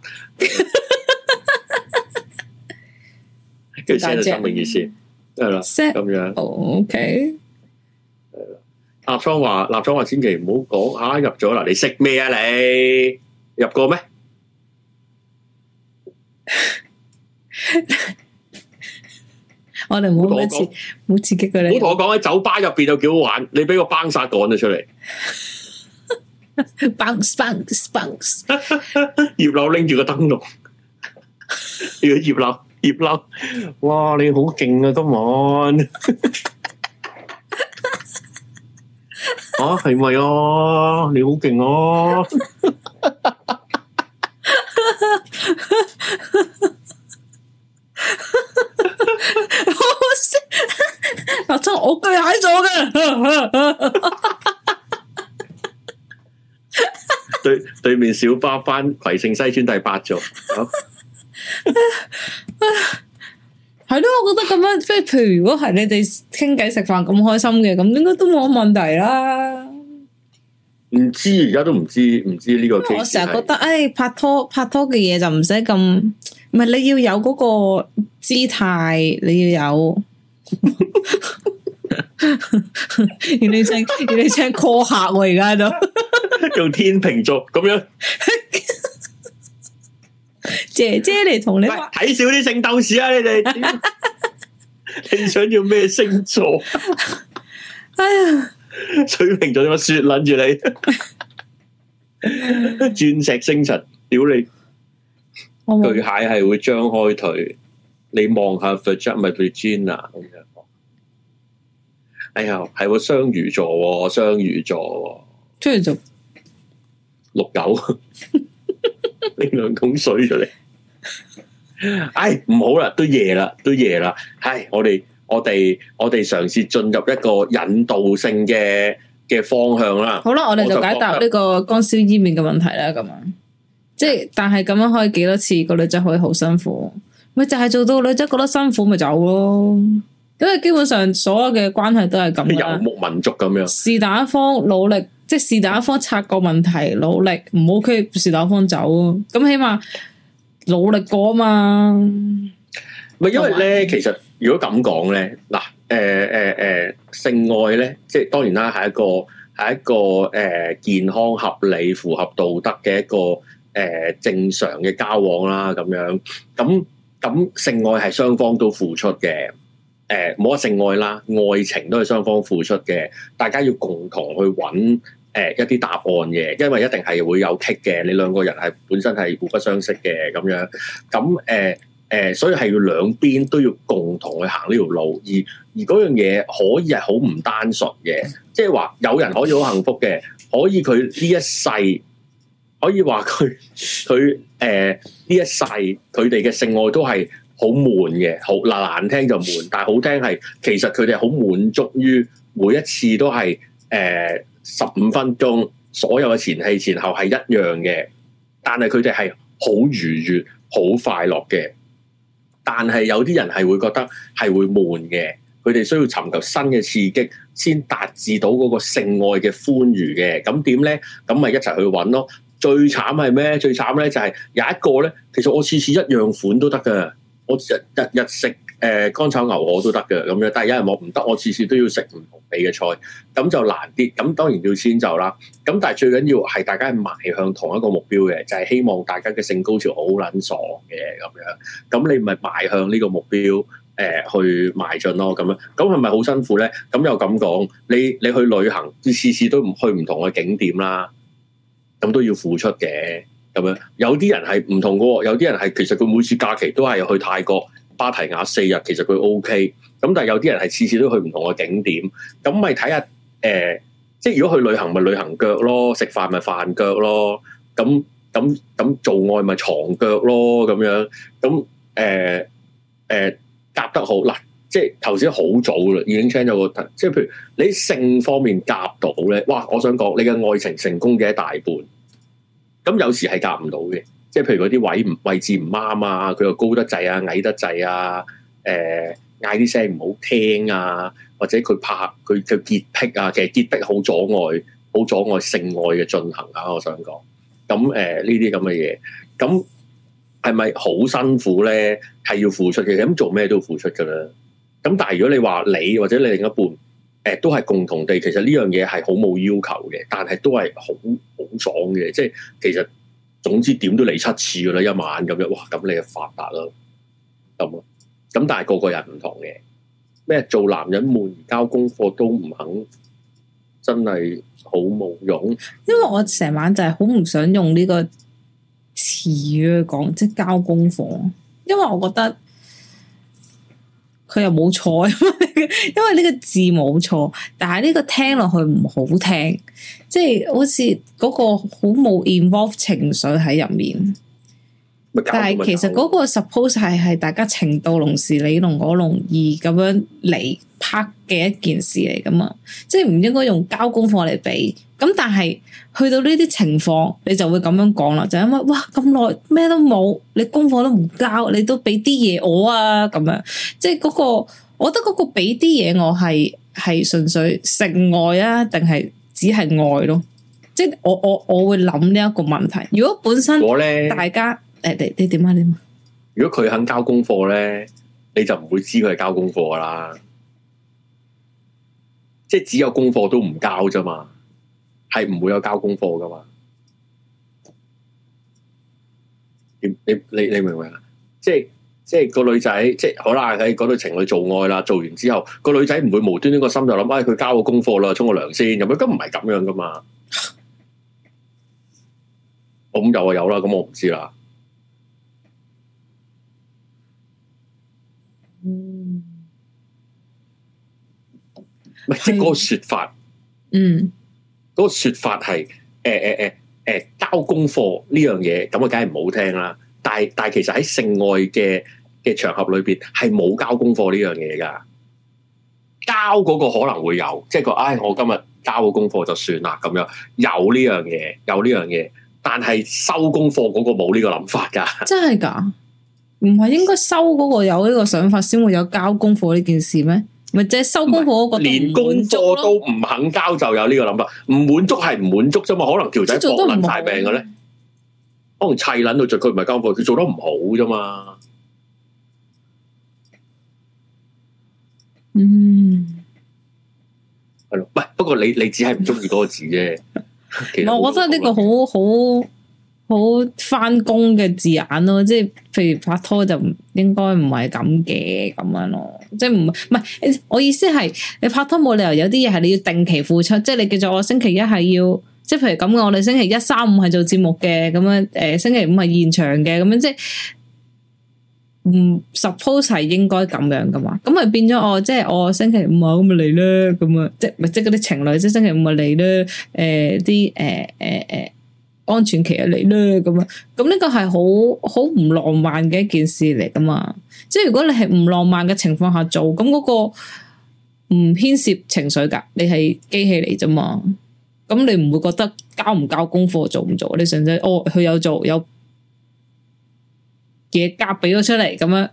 佢住 set 生命意思，係啦，set 咁樣。OK，係啦。立倉話，立倉話千，千祈唔好講吓，入咗啦，你食咩啊你？你入過咩？ 我哋冇一次唔好刺激佢。你唔好同我講喺酒吧入邊有幾好玩，你俾個 b o u n 出嚟 ，bounce bounce bounce 葉 劉拎住個燈籠，叫 葉劉葉劉，哇，你好勁啊，今晚 啊，係咪啊？你好勁啊！ 我今日踩嘅，對對面小巴翻葵盛西村第八座，係、啊、咯， 我覺得咁樣即係，譬如如果係你哋傾偈食飯咁開心嘅，咁應該都冇問題啦。唔知而家都唔知，唔知呢個。我成日覺得，誒、哎，拍拖拍拖嘅嘢就唔使咁，唔係你要有嗰個姿態，你要有。 原嚟聽原嚟聽 call 客，而家都用天秤座咁樣， 姐姐嚟同你睇少啲聖鬥士啊！你哋，你想要咩星座？哎呀，水瓶座有冇雪捻住你？鑽 石星辰，屌你！巨蟹係會張開腿，你望下佛 u j i m a 咁樣。哎呀，係喎雙魚座喎，哦，雙魚座，哦，即係做六九，拎 兩 桶水出嚟。唉、 哎，唔好啦，都夜啦，都夜啦。唉、哎，我哋，我哋，我哋嘗試進入一個引導性嘅嘅方向啦。好啦，我哋就解答呢個乾燒伊麵嘅問題啦。咁 啊，即係但係咁樣開幾多次，個女仔可以好辛苦。咪 就係做到女仔覺得辛苦咪、就是、走咯、啊。因啊，基本上所有嘅關係都係咁啦，游牧民族咁樣。是但一方努力，即係是但一方察覺問題，努力唔好驅是但一方走。咁起碼努力過啊嘛。係因為咧，其實如果咁講咧，嗱、呃，誒誒誒，性愛咧，即係當然啦，係一個係一個誒、呃、健康、合理、符合道德嘅一個誒、呃、正常嘅交往啦，咁樣。咁咁性愛係雙方都付出嘅。誒冇話性愛啦，愛情都係雙方付出嘅，大家要共同去揾、呃、一啲答案嘅，因為一定係會有棘嘅。你兩個人係本身係互不相識嘅咁樣，咁誒、呃呃、所以係要兩邊都要共同去行呢條路，而而嗰樣嘢可以係好唔單純嘅，即係話有人可以好幸福嘅，可以佢呢一世可以話佢佢誒呢一世佢哋嘅性愛都係。好悶嘅，好嗱難聽就悶，但好聽係其實佢哋好滿足於每一次都係誒十五分鐘，所有嘅前戲前後係一樣嘅，但係佢哋係好愉悅、好快樂嘅。但係有啲人係會覺得係會悶嘅，佢哋需要尋求新嘅刺激先達至到嗰個性愛嘅歡愉嘅。咁點呢？咁咪一齊去揾咯。最慘係咩？最慘呢就係有一個呢，其實我次次一樣款都得㗎。我日日食誒乾炒牛河都得嘅咁樣，但係因為我唔得，我次次都要食唔同味嘅菜，咁就難啲。咁當然要遷就啦。咁但係最緊要係大家係邁向同一個目標嘅，就係、是、希望大家嘅性高潮好撚爽嘅咁樣。咁你咪邁向呢個目標誒、呃、去邁進咯。咁樣咁係咪好辛苦咧？咁又咁講，你你去旅行要次次都唔去唔同嘅景點啦，咁都要付出嘅。咁樣有啲人係唔同噶有啲人係其實佢每次假期都係去泰國芭提雅四日，其實佢 O K。咁但係有啲人係次次都去唔同嘅景點，咁咪睇下，誒，即係如果去旅行咪旅行腳咯，食飯咪飯腳咯，咁咁咁做愛咪床腳咯，咁樣咁誒誒夾得好嗱，即係頭先好早啦，已經請咗個即係譬如你性方面夾到咧，哇！我想講你嘅愛情成功嘅一大半。咁有時係夾唔到嘅，即係譬如嗰啲位唔位置唔啱啊，佢又高得滯啊，矮得滯啊，誒嗌啲聲唔好聽啊，或者佢拍佢嘅潔癖啊，其實潔癖好阻礙，好阻礙性愛嘅進行啊，我想講，咁誒呢啲咁嘅嘢，咁係咪好辛苦咧？係要付出嘅，咁做咩都要付出㗎喇。咁但係如果你話你或者你另一半，誒，都係共同地，其實呢樣嘢係好冇要求嘅，但係都係好好爽嘅。即係其實總之點都嚟七次噶啦，一晚咁樣，哇，咁你就發達啦，咁咁，但係個個人唔同嘅。咩做男人悶交功課都唔肯，真係好冇用。因為我成晚就係好唔想用呢個詞語去講，即係交功課，因為我覺得。佢又冇錯，因為呢個字冇錯，但係呢個聽落去唔好聽，即係好似嗰個好冇 involve 情緒喺入面。但係其實嗰個 suppose 係係大家情到濃時你濃我濃而咁樣嚟拍嘅一件事嚟噶嘛，即係唔應該用交功課嚟俾。咁但係去到呢啲情況，你就會咁樣講啦，就因為哇咁耐咩都冇，你功課都唔交，你都俾啲嘢我啊，咁樣，即係嗰個，我覺得嗰個俾啲嘢我係係純粹性愛啊，定係只係愛咯？即係我我我會諗呢一個問題。如果本身我咧，大家誒你你點啊你啊？如果佢肯交功課咧，你就唔會知佢係交功課噶啦，即係只有功課都唔交啫嘛。係唔會有交功課噶嘛你？你你你明白？即係即係個女仔，即係好啦，喺嗰對情侶做愛啦，做完之後個女仔唔會無端端個心就諗，哎，佢交功課個功課啦，沖個涼先咁，咁唔係咁樣噶嘛？咁、 嗯、有啊有啦，咁我唔知啦。唔係一個說法。嗯。嗰個説法係誒誒誒誒交功課呢樣嘢，咁啊梗係唔好聽啦。但係但係其實喺性愛嘅嘅場合裏邊係冇交功課呢樣嘢㗎，交嗰個可能會有，即係個唉，我今日交個功課就算啦咁樣。有呢樣嘢，有呢樣嘢，但係收功課嗰個冇呢個諗法㗎。真係㗎？唔係應該收嗰個有呢個想法先會有交功課呢件事咩？咪即係收工課，我覺得唔滿足咯。連功課都唔肯交就有呢個諗法。唔滿足係唔滿足啫嘛。可能條仔學難晒病嘅咧，可能砌撚到著佢唔係交課，佢做得唔好啫嘛。嗯，係咯，喂，不過你你只係唔中意嗰個字啫。其實，我覺得呢個好好。好返工嘅字眼咯，即係譬如，拍拖就應該唔係咁嘅咁樣咯，即係唔係，唔係我意思係你拍拖冇理由有啲嘢係你要定期付出，即係你記住，我星期一係要，即係譬如咁嘅，我哋星期一三五係做節目嘅，咁樣誒星期五係現場嘅，咁樣即係唔 suppose 係應該咁樣噶嘛，咁咪變咗我即係我星期五啊咁咪嚟啦，咁啊即係咪即係嗰啲情侶即係星期五咪嚟啦，誒啲誒誒誒。安全期一嚟咧，咁啊，咁呢個係好好唔浪漫嘅一件事嚟噶嘛。即係如果你係唔浪漫嘅情況下做，咁嗰個唔牽涉情緒噶，你係機器嚟啫嘛。咁你唔會覺得交唔交功課做唔做？你純粹哦，佢有做有嘢，夾俾咗出嚟咁啊，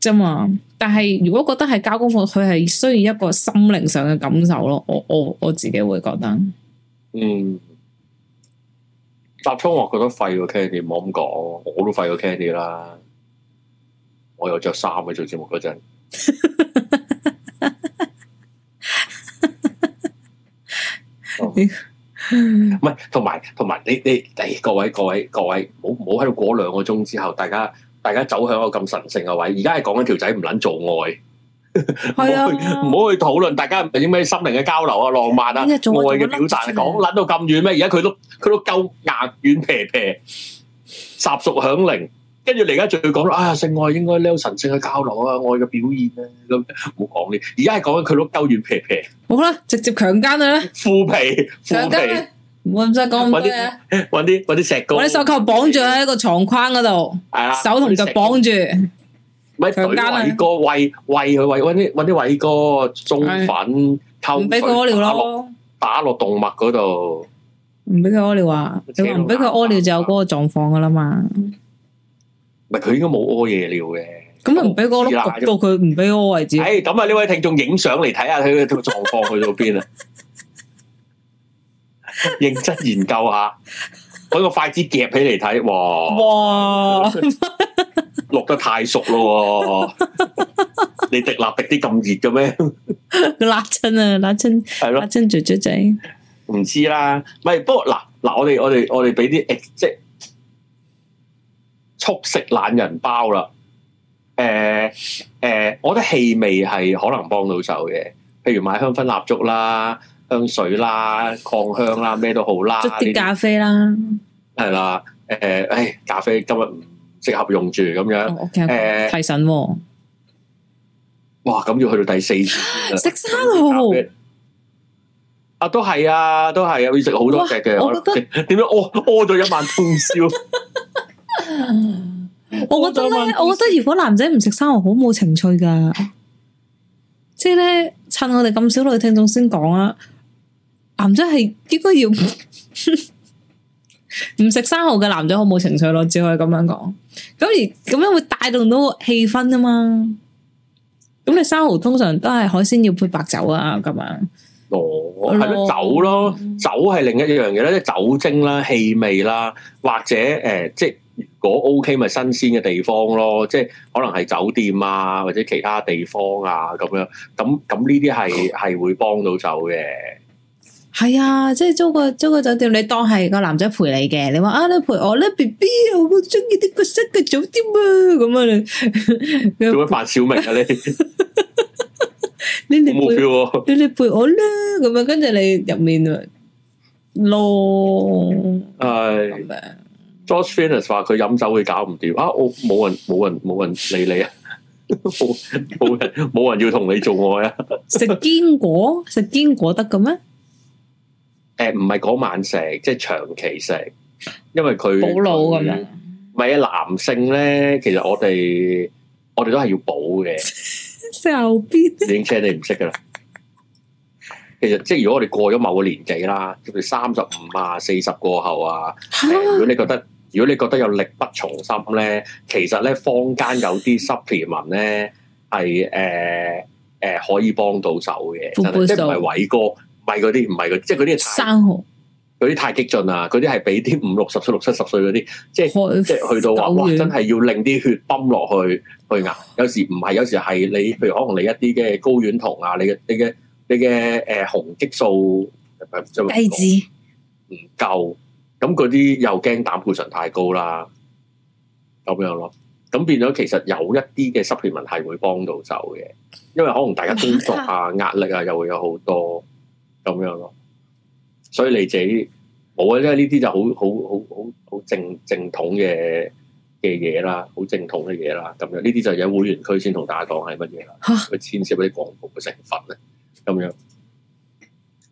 啫嘛。但係如果覺得係交功課，佢係需要一個心靈上嘅感受咯。我我我自己會覺得，嗯。搭充我覺得廢個 candy，唔好咁講，我都廢個 candy 啦。我有着衫去做節目嗰陣，唔係同埋同埋你你你各位各位各位，唔好喺度過兩個鐘之後，大家大家走向個咁神聖嘅位，而家係講緊條仔唔撚做愛。係 啊，唔好去討論大家有啲咩心靈嘅交流啊、浪漫啊、愛嘅表達嚟講，甩到咁遠咩？而家佢都佢都勾硬軟皮皮，閘屬響鈴，跟住你而家仲要講啦啊！性愛應該撩神聖嘅交流啊，愛嘅表現啊，咁唔好講呢。而家係講緊佢都勾軟皮皮，好啦，直接強奸啦，腐皮腐皮。啦，唔使講咁揾啲啲石膏，啲手銬綁住喺一個床框嗰度，係、啊、手同腳綁住。咪餵偉哥，餵餵佢餵，搵啲搵啲偉哥中粉，唔俾佢屙尿咯，打落動物嗰度，唔俾佢屙尿啊，唔俾佢屙尿就有嗰個狀況噶啦嘛。咪佢應該冇屙夜尿嘅，咁咪唔俾我落局到佢，唔俾屙位置。哎，咁啊，呢位聽眾影相嚟睇下佢個狀況去到邊啊， 認真研究下，攞個筷子夾起嚟睇，哇！哇哇落得太熟咯、啊，你滴蠟滴啲咁熱嘅咩？個蠟親啊，蠟親係咯，蠟親住雀仔，唔、就是、知啦，啦。咪不過嗱嗱，我哋我哋我哋俾啲即速食懶人包啦、嗯。誒、嗯、誒，我覺得氣味係可能幫到手嘅，譬如買香薰蠟燭啦、香水啦、擴香啦，咩都好啦。啲咖啡啦，係啦，誒誒、哎，咖啡今日。適合用住咁樣，誒、oh, okay, okay. 欸，提神喎、哦！哇，咁要去到第四次 食生蠔啊！都係啊，都係啊，要食好多隻嘅。我覺得點樣屙屙咗一晚通宵。我覺得我覺得如果男仔唔食生蠔好冇情趣噶，即係咧，趁我哋咁少女聽眾先講啊！男仔係應該要。 唔食生蠔嘅男仔好冇情趣咯，只可以咁樣講。咁而咁樣會帶動到氣氛啊嘛。咁你生蠔通常都係海鮮要配白酒啊，咁樣。哦，係咯，酒咯，酒係另一樣嘢咧，即係酒精啦、氣味啦，或者誒、呃，即係如果 OK，咪新鮮嘅地方咯，即係可能係酒店啊，或者其他地方啊咁樣。咁咁呢啲係係會幫到酒嘅。係啊，即係租個租個酒店，你當係個男仔陪你嘅。你話啊，你陪我啦，B B，我中意呢個色嘅酒店啊，咁啊，做咩發小明啊你？好目標，你你陪我啦，咁啊，跟住你入面啊，咯，係咁樣。George Venus 話佢飲酒佢搞唔掂啊，我冇人冇人冇人理你啊，冇冇人冇人要同你做愛啊。食堅果，食堅果得㗎咩？誒、呃，唔係講晚食，即係長期食，因為佢補老咁樣。唔係啊，男性咧，其實我哋我哋都係要補嘅。就逼，已經車你唔識噶啦。其實即係如果我哋過咗某個年紀啦，譬如三十五啊、四十過後啊，如果你覺得如果你覺得有力不從心咧，其實咧坊間有啲 supplement 咧係誒誒可以幫到手嘅，即係唔係偉哥。唔係嗰啲，唔係嗰，即係嗰啲生蠔，嗰啲太激進啦。嗰啲係俾啲五六十歲、六七十歲嗰啲，即係即係去到話哇，真係要令啲血泵落去去壓。有時唔係，有時係你，譬如可能你一啲嘅睾丸酮啊，你嘅你嘅你嘅誒雄激素唔夠，咁嗰啲又驚膽固醇太高啦，咁樣咯。咁變咗其實有一啲嘅濕氣問題會幫到手嘅，因為可能大家工作啊、壓力啊又會有好多。咁樣咯，所以你自己冇啊，即呢啲就好好好好好正正統嘅嘅嘢啦，好正統嘅嘢啦。咁樣呢啲就有會員區先同大家講係乜嘢啦，佢牽涉啲廣告嘅成分咧。咁樣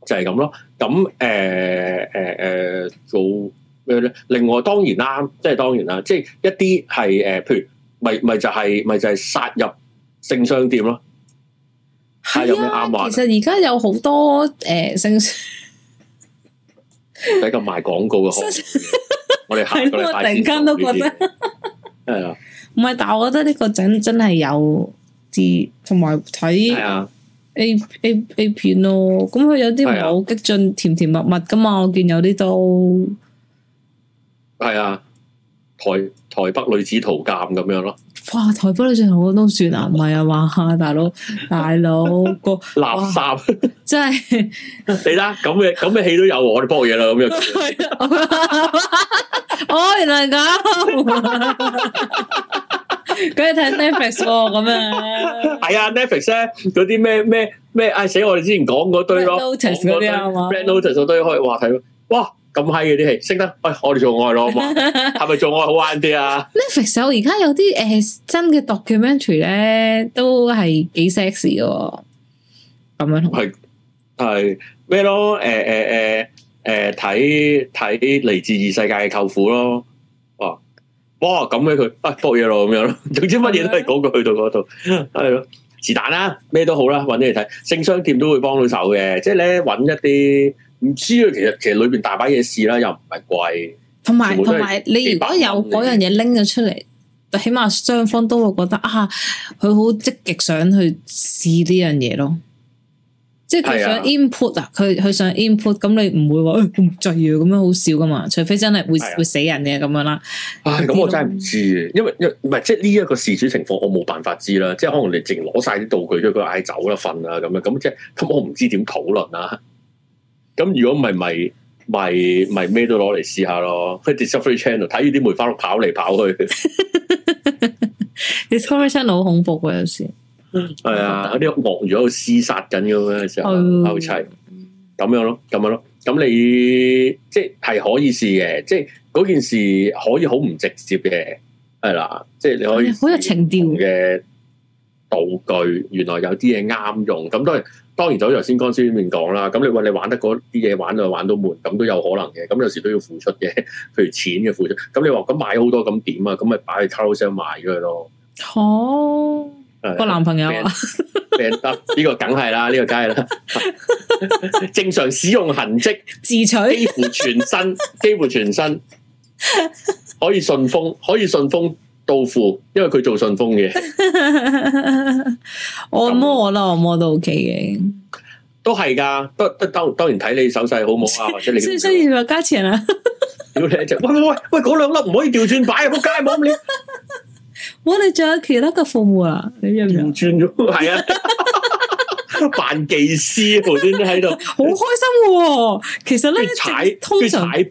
就係咁咯。咁誒誒誒做咩另外當然啦，即係當然啦，即係一啲係誒，譬如咪咪就係咪就係殺入性商店咯。啊！其實而家有好多誒、呃、性，比較賣廣告嘅。 我哋下個大家。我突然間都覺得，係啊，唔係，但係我覺得呢個陣真係有啲，同埋睇 A A A 片咯，哦。咁佢有啲唔係好激進，甜甜蜜蜜㗎嘛。我見有啲都係啊。 台台北女子圖鑑咁樣咯，哇！台北女子好多都算啊，唔係啊嘛，大佬，大佬個藍衫，真係死啦，咁嘅咁嘅戲都有，我哋播嘢啦咁樣。 哦，原來咁，嗰日睇 Netflix 喎，咁 啊，係啊，Netflix 咧嗰啲咩咩咩，唉死！我哋之前講嗰堆咯，Red Notice 嗰堆可以話題咯，哇！咁嗨嘅啲戲，識得喂我哋做愛囉嘛？係咪 做愛好玩啲啊？Netflix 我而家有啲誒真嘅 documentary 咧，都係幾 sexy 嘅。咁樣同係係咩咯？誒誒誒誒，睇、呃、睇《嚟自異世界》嘅舅父咯。哦，哇咁嘅佢啊，多嘢囉咁樣咯，總之乜嘢都係講到去到嗰度，係咯，是但啦，咩都好啦，揾你嚟睇。性商店都會幫到手嘅，即係咧揾一啲。唔知啊，其實其實裏邊大把嘢試啦，又唔係貴。同埋同埋，你如果有嗰樣嘢拎咗出嚟，就起碼雙方都會覺得啊，佢好積極想去試呢樣嘢咯。即係佢想 input 啊，佢佢想 input，咁你唔會話誒、欸、醉啊，咁樣好少噶嘛，除非真係會會死人嘅咁樣啦。啊，咁我真係唔知啊，因為因為唔係，即係呢一個事主情況，我冇辦法知啦。即係可能你淨攞晒啲道具，佢佢嗌走啦，瞓啦咁樣，咁即係，咁我唔知點討論啦。咁如果唔係，咪咪咪咩都攞嚟試下咯。佢 Discovery Channel 睇呢啲梅花鹿跑嚟跑去 ，Discovery Channel 好恐怖嘅有陣時。係啊，嗰啲鱷魚喺度廝殺緊咁樣嘅時候，好、哦、齊，咁樣咯，咁樣咯。咁你即係可以試嘅，即係嗰件事可以好唔直接嘅，係啦。即係你可以好有情調嘅道具，原來有啲嘢啱用，咁都係。當然走咗頭先，江先面講啦。咁你話你玩得嗰啲嘢玩就玩到悶，咁都有可能嘅。咁有時都要付出嘅，譬如錢嘅付出。咁你話咁買好多咁點、oh, 啊？咁咪擺去 Carousell 賣咗佢咯。好，個男朋友病得呢個梗係啦，呢、呢個梗係啦。正常使用痕跡自取，幾 乎全身幾乎全身可以順風可以順風。到付，因為佢做順豐嘅。按 摩我，我，我都按摩都 OK 嘅，都係噶，都都都當然睇你手勢好唔好啊，或者你需要加錢啊？屌 你喂喂喂，嗰兩粒唔可以掉轉擺啊，冇介冇面。我 你仲有其他嘅服務啊？你又掉轉咗，係啊，扮 技師頭先喺度，好 開心、哦。其實咧，踩通常踩背。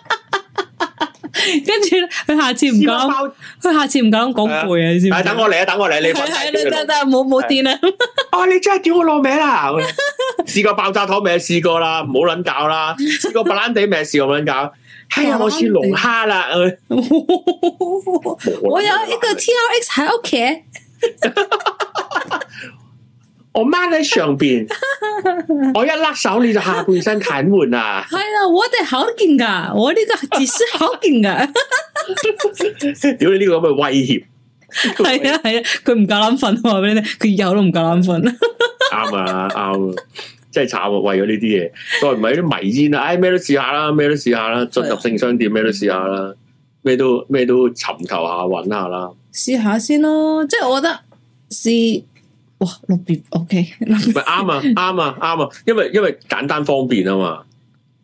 跟住佢下次唔講，佢下次唔講講攰啊！你知唔係等我嚟啊？等我嚟，你放心。得得得，冇冇癲啦！啊，你真係叫我落名啊？試 過爆炸糖未？試過啦，唔好撚搞啦！試過白蘭地未，試過撚搞。係啊，我似龍蝦啦！有 我有一個 T R X 喺屋企。 我媽喺上邊、 啊 啊啊，我一甩手你就下半身癱瘓啊！係啊，我哋好勁噶，我呢個姿勢好勁噶。屌你呢個咁嘅威脅！係啊係啊，佢唔夠膽瞓，我話俾你聽，佢有都唔夠膽瞓。啱啊啱啊，真係慘啊！為咗呢啲嘢，都再唔係啲迷煙啊，哎咩都試下啦，咩都試下啦，進入性商店咩都試下啦，咩 都咩都尋求下揾下啦。試下先咯，即係我覺得試。哇、哦，六 B，O K，咪啱啊，啱啊，啱啊，因為因為簡單方便啊嘛，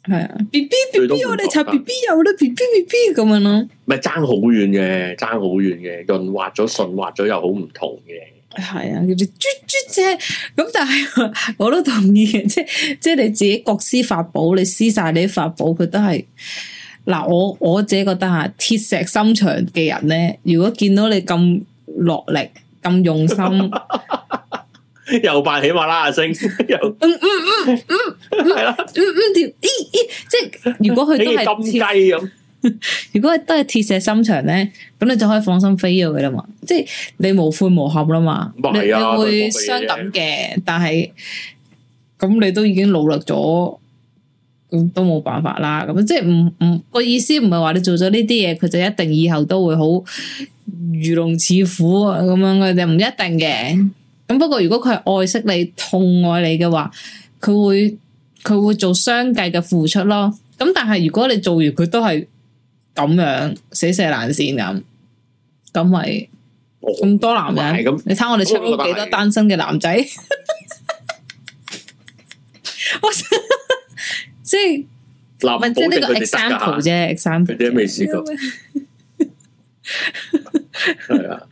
係啊，B B B B，我哋查 B B 有啦，B B B B 咁樣咯，咪爭好遠嘅，爭好遠嘅，潤滑咗，順滑咗又好唔同嘅，係啊，叫做絕絕只，咁但係、啊、我都同意嘅，即即係你自己各施法寶，你施曬你啲法寶，佢都係，嗱我我自己覺得吓，鐵石心腸嘅人咧，如果見到你咁落力，咁用心。 又扮喜馬拉雅星，又嗯嗯嗯嗯，係、嗯、咯，嗯嗯點咦咦？即係如果佢都係咁雞咁，如果佢都係鐵石心腸咧，咁 你就可以放心飛咗佢啦嘛。即係你無悔無憾啦嘛。你係啊，會傷感嘅，但係咁你都已經努力咗，咁都冇辦法啦。咁即係唔唔，個意思唔係話你做咗呢啲嘢，佢就一定以後都會好如龍似虎咁樣嘅，就唔一定嘅。咁不過如果佢係愛惜你、痛愛你嘅話，佢會佢會做相繼嘅付出咯。咁但係如果你做完佢都係咁樣死蛇爛鱔咁，咁咪咁多男人？你睇我哋出邊幾多單身嘅男仔？我即係男寶呢個 example 啫，example。佢哋都未、啊、試過 是吧，係啊，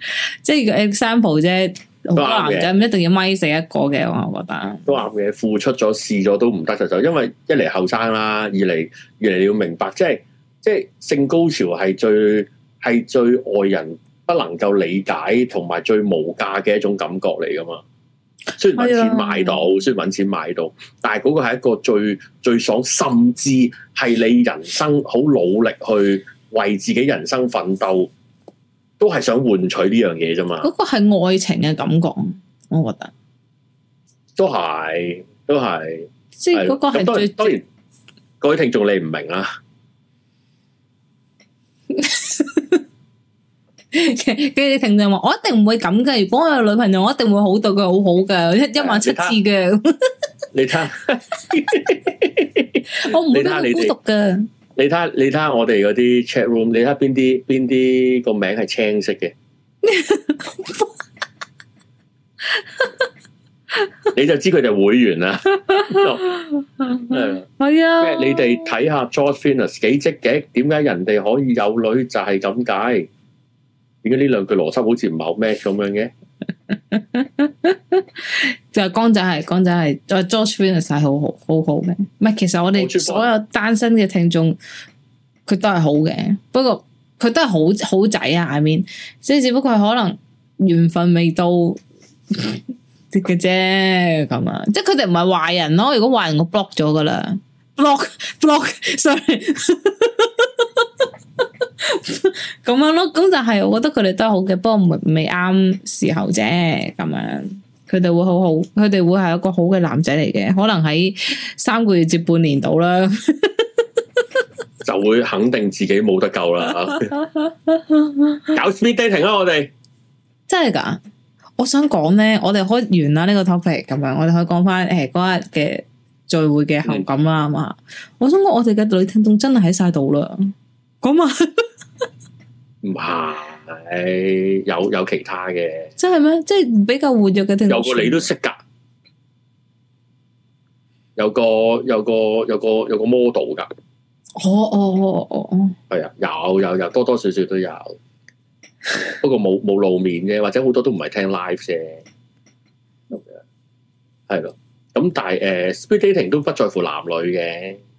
即係個 example 啫。個男仔唔一定要咪死一個嘅，我我覺得都啱嘅。付出咗試咗都唔得就就，因為一嚟後生啦，二嚟越嚟你要明白，即係即係性高潮係最係最外人不能夠理解同埋最無價嘅一種感覺嚟㗎嘛。雖然搵錢買到，雖然搵錢買到，但係嗰個係一個最最爽，甚至係你人生好努力去為自己人生奮鬥。都係想換取呢樣嘢啫嘛，嗰、嗰個係愛情嘅感覺，我覺得都係都係，即係嗰個係最當然,當然。各位聽眾你唔明啊？跟 住聽眾話：我一定唔會咁嘅。如果我有女朋友，我一定會好到佢好好嘅。一是一晚七次嘅 ，你睇， 我唔會得佢孤獨嘅。你你睇，你睇我哋嗰啲 chat room，你睇下邊啲邊啲個名係青色嘅， 你就知佢哋會員啦。係 啊， 你哋睇下 George Venus 幾積極，點解人哋可以有女就係咁解？點解呢兩句邏輯好似唔係好 match 咁樣嘅？ 就係、是、剛仔係剛仔係，誒，George Venus 係好，好好好好嘅，唔係其實我哋所有單身嘅聽眾，佢都係好嘅，不過佢都係好好仔啊，I mean，即係只不過可能緣分未到嘅啫，咁啊，即係佢哋唔係壞人咯，如果壞人我 block 咗噶啦，block block，sorry，咁 樣咯，咁就係我覺得佢哋都係好嘅，不過未未啱時候啫，咁樣。佢哋會好好，佢哋會係一個好嘅男仔嚟嘅，可能喺三個月至半年度啦， 就會肯定自己冇得救啦。 搞 speed dating 啦，啊，我哋真係噶。我想講咧，我哋開完啦呢個 topic，咁啊，嗯，我哋可以講翻誒嗰日嘅聚會嘅後感啦，啊我想講我哋嘅女聽眾真係喺晒度啦，咁啊唔係。係有有其他嘅，即係咩？即係比較活躍嘅 d 有個你都識噶，有個有個有個有個 model 噶。哦哦哦哦哦，係啊，有有有，多多少少都有， 不過冇冇露面嘅，或者好多都唔係聽 live 嘅。係、okay. 咯，咁但係誒，speed dating 都不在乎男女嘅。呃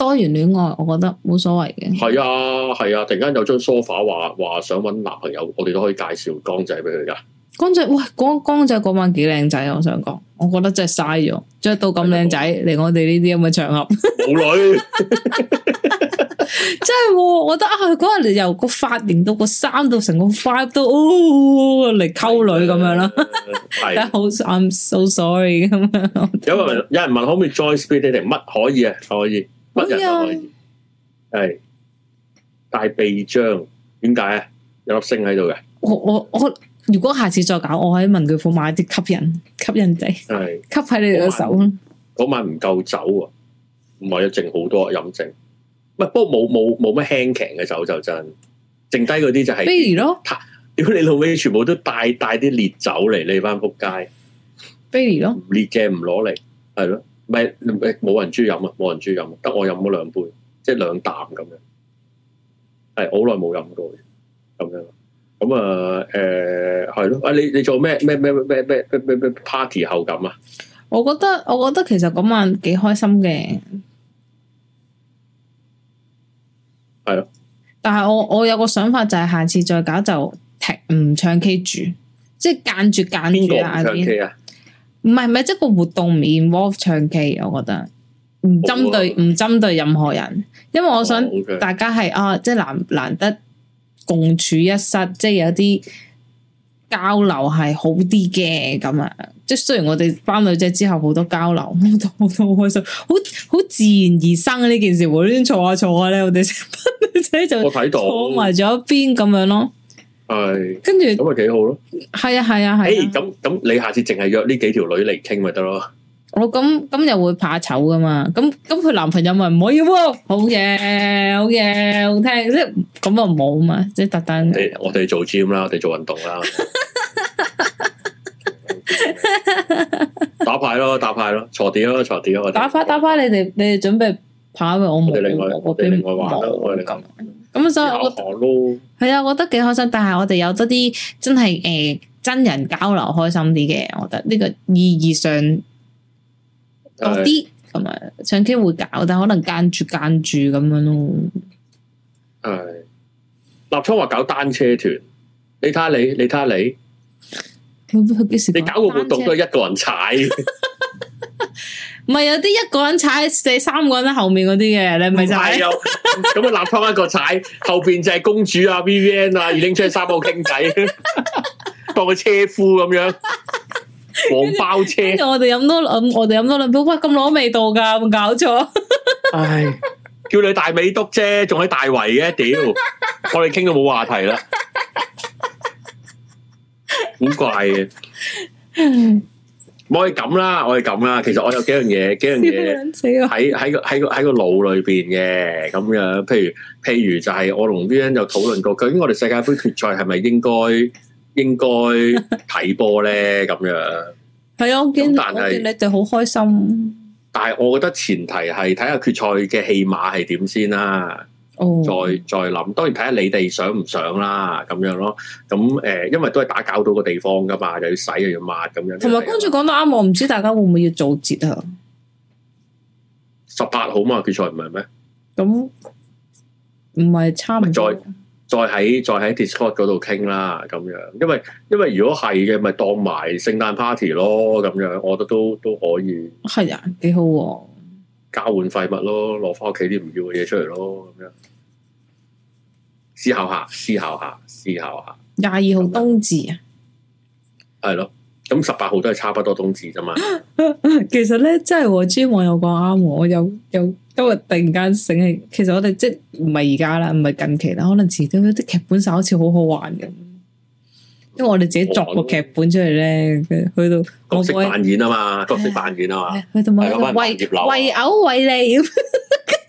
多元戀愛，我覺得冇所謂嘅。係啊係啊，突然間有張梳化 f 話話想揾男朋友，我哋都可以介紹光仔俾佢噶。光仔喂，光仔嗰晚幾靚仔啊！我想講，我覺得真係嘥咗，着到咁靚仔嚟我哋呢啲咁嘅場合。冇女，即 係 我覺得啊，嗰日由發個髮型到個三到成個 five 都哦嚟溝女咁樣啦。係啊，好，I'm so sorry 咁樣 。有人有人問可唔可以再 join speed dating 乜可以啊？可以。可以係，帶鼻章，點解啊？有粒星喺度嘅。我我我，如果下次再搞，我喺文具鋪買啲吸引吸引劑，係吸喺你哋嘅手。嗰晚唔夠酒啊，唔係啊，剩好多飲剩，不過冇冇冇乜輕強嘅酒就真，剩低嗰啲就係、是。Baileys 咯，屌你老味，全部都帶帶啲烈酒嚟你班扑街。Baileys 咯，烈嘅唔攞嚟，係咯。唔冇人注飲、就係、啊，冇人注飲，得我飲咗兩杯，即係兩啖咁樣。係好耐冇飲過，咁樣咁啊？誒，係咯。啊，你你做咩咩咩咩咩咩咩 Party 後感啊？我覺得我覺得其實嗰晚幾開心嘅，係、嗯、啊。但係我我有個想法就係下次再搞就踢唔唱 K 住，即係間住間住啊！啊唔係唔係，即係個活動面，限 Wolf 唱 K，我覺得唔針對唔針對任何人，因為我想大家係、oh, okay. 啊，即係難難得共處一室，即係有啲交流係好啲嘅，咁啊！即係雖然我哋班女仔之後好多交流，我都我都好開心，好好自然而生呢件事，無端端坐下坐下咧，我哋班女仔就坐埋咗一邊咁樣咯。係，跟住咁咪幾好咯。係啊，係啊，係啊。誒，咁咁你下次淨係約呢幾條女嚟傾咪得咯？我咁咁又會怕醜噶嘛？咁咁佢男朋友咪唔可以喎？好嘢，好嘢，好聽。即係咁唔好嘛？即係特登。我哋做 gym 啦，我哋做運動啦，打牌咯，打牌咯，鋤 D 咯，鋤 D 咯。打翻打翻，你哋你哋準備跑嘅，我冇。我哋另外玩啦，我哋另外玩啦，我哋另外玩啦。咁、嗯、所以我係啊，我覺得幾開心，但係我哋有多啲真係誒、呃、真人交流開心啲嘅，我覺得呢個意義上多啲咁啊。唱 K 會搞，但可能間住間住咁樣咯。係立聰話搞單車團，你睇下你，你睇下你幾時，你搞個活動都係一個人踩。 唔係有啲一個人踩，借三個人喺後面嗰啲嘅，你咪踩咁啊！樣立湯一個踩， 後邊就係公主啊，V V N 啊，而拎出嚟三個傾仔，當個車夫咁樣，黃包車。我哋飲多兩，我哋飲多兩杯，哇！咁攞味道噶、啊，冇搞錯。 唉，叫你大尾督啫，仲喺大圍嘅屌， 我哋傾到冇話題啦，好怪嘅。 我可以咁啦，我可以咁啦。其實我有幾樣嘢，幾樣嘢喺喺個喺個喺個腦裏邊嘅咁樣。譬如譬如就係我同 VVN 就討論過，究竟我哋世界盃決賽係咪應該應該睇波咧？咁樣係啊，我見但係你哋好開心。但係我覺得前提係睇下決賽嘅戲碼係點先啦。Oh. 再再諗，當然睇下你哋想唔想啦，咁樣咯。咁誒，因為都係打攪到個地方噶嘛，又要洗又要抹咁樣。同埋，公主講到啱，我唔知大家會唔會要做節啊？十八號嘛，決賽唔係咩？咁唔係差唔多？再再喺再喺 Discord 嗰度傾啦，咁樣。因為因為如果係嘅，咪當埋聖誕 party 咯，咁樣我覺得都都可以。係啊，幾好。交換廢物咯，攞翻屋企啲唔要嘅嘢出嚟咯，咁樣。思考下，思考下，思考下。廿二號冬至啊，係咯，咁十八號都係差唔多冬至啫嘛。 其實咧，真係和之前網友講啱，我有又今日突然間醒起，其實我哋即唔係而家啦，唔係近期啦，可能遲啲啲劇本就好似好好玩咁。因為我哋自己作個劇本出嚟咧，去到角色扮演啊嘛，角色扮演啊嘛，去到乜乜乜接樓啊。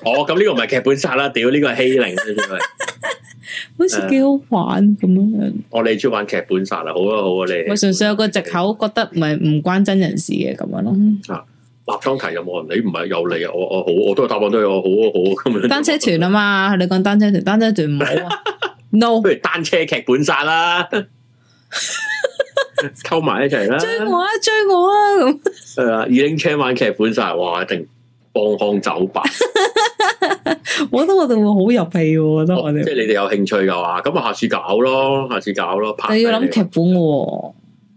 哦、 oh, uh, like well, well, we'll， 咁呢個唔係劇本殺啦，屌呢個係欺凌啦，因為好似幾好玩咁樣。我哋中意玩劇本殺啦，好啊好啊，你。我純粹有個借口覺得唔係唔關真人事嘅咁樣咯。啊，立窗題有冇人理？唔係有理啊，我我好，我都係答案都係我好啊好啊，今日單車團啊嘛，你講單車團，單車團唔好啊。No， 不如單車劇本殺啦，溝 埋一齊啦。 追我啊！追我啊！咁。係啊，二丁車玩劇本殺，哇，一定。放空酒吧 ，我覺得我哋會好入戲，啊。Oh, 我覺得我哋即係你哋有興趣嘅話，咁啊下次搞咯，下次搞咯，啊，你要諗劇本嘅，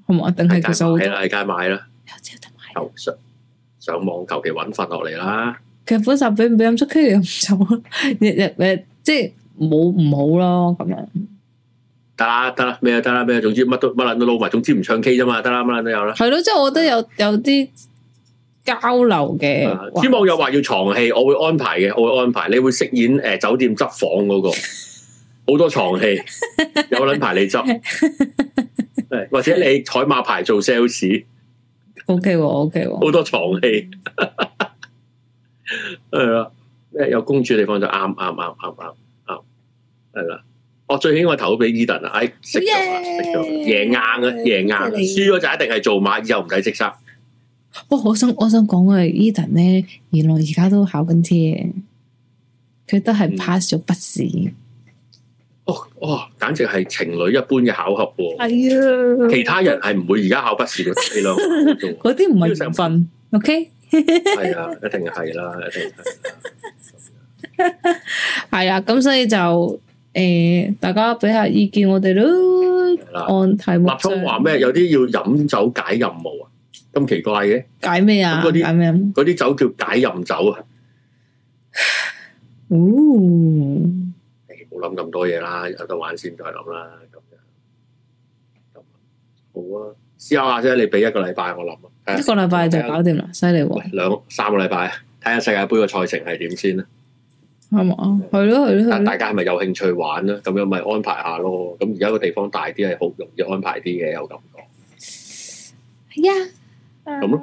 係一定係其實喺街買啦，有招得買，上上網求其搵份落嚟啦。劇本就畀唔畀咁出 K 咁做。亦亦誒，即係冇唔好咯咁樣。得啦得啦，咩得啦咩啊，總之乜都乜撚都撈埋，總之唔唱 K 咋嘛？得啦乜撚都有啦。係咯，即係我覺得有有啲。交流嘅，天網又話要床戲，我會安排嘅，我會安排。你會飾演誒、呃、酒店執房嗰、那個，好 多床戲，有捻牌你執， 或者你海馬牌做 sales。O K O K，好多床戲係咩？有公主地方就啱啱啱啱啱啱係啦。我最起碼投俾 Edan 啊，哎，識咗，識、yeah, 咗，贏硬啊，贏硬啊，輸 咗硬了 就一定係做馬，以後唔使着衫。我、哦、我想我想講啊，Edan 咧原來而家都在考緊車，佢都係 pass 咗筆試。哦，哇、哦，簡直係情侶一般嘅考核喎。係啊。其他人係唔會而家考筆試嘅，死 咯。嗰啲唔係成份。O K。係、okay? 啊， 一定係啦，一定係。係 啊，咁所以就誒、呃，大家俾下意見我哋咯。按題目話咩？有啲要飲酒解任務啊！咁奇怪嘅解咩啊？嗰啲啲酒叫解淫酒啊！哦，冇諗咁多嘢啦，有得玩先再諗啦。咁樣，咁好啊！試下。阿、啊、姐，你俾一個禮拜我諗啊！一個禮拜就搞掂啦，犀、啊、利！兩、啊啊、三個禮拜，睇下世界杯嘅賽程係點先啦、啊。係嘛？係、嗯、咯，係咯。大家係咪有興趣玩咧？咁樣咪安排下咯。咁而家個地方大啲，係好容易安排啲嘅，有感覺。係啊。咁咯，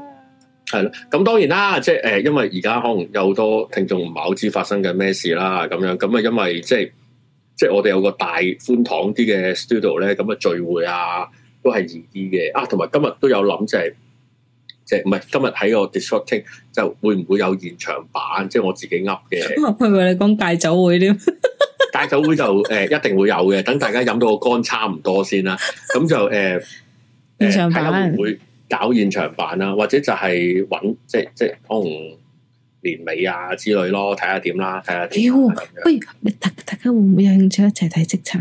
係咯，咁當然啦，即係誒，因為而家可能有好多聽眾唔係好知發生緊咩事啦，咁樣咁啊，因為即係即係我哋有個大寬敞啲嘅 studio 咧，咁啊聚會啊都係易啲嘅啊，同埋今日都有諗就係，就唔、是、係今日喺個 Discord 就會唔會有現場版，即、就、係、是、我自己噏嘅。咁我佢為你講戒酒會添，戒 酒會就誒、呃、一定會有嘅，等大家飲到個肝差唔多先啦，咁就誒、呃，現場版看看會，會。搞現場版啊，或者就係揾即係即係可能年尾啊之類咯，睇下點啦，睇下點咁樣。不如大大家會唔會有興趣一齊睇即場？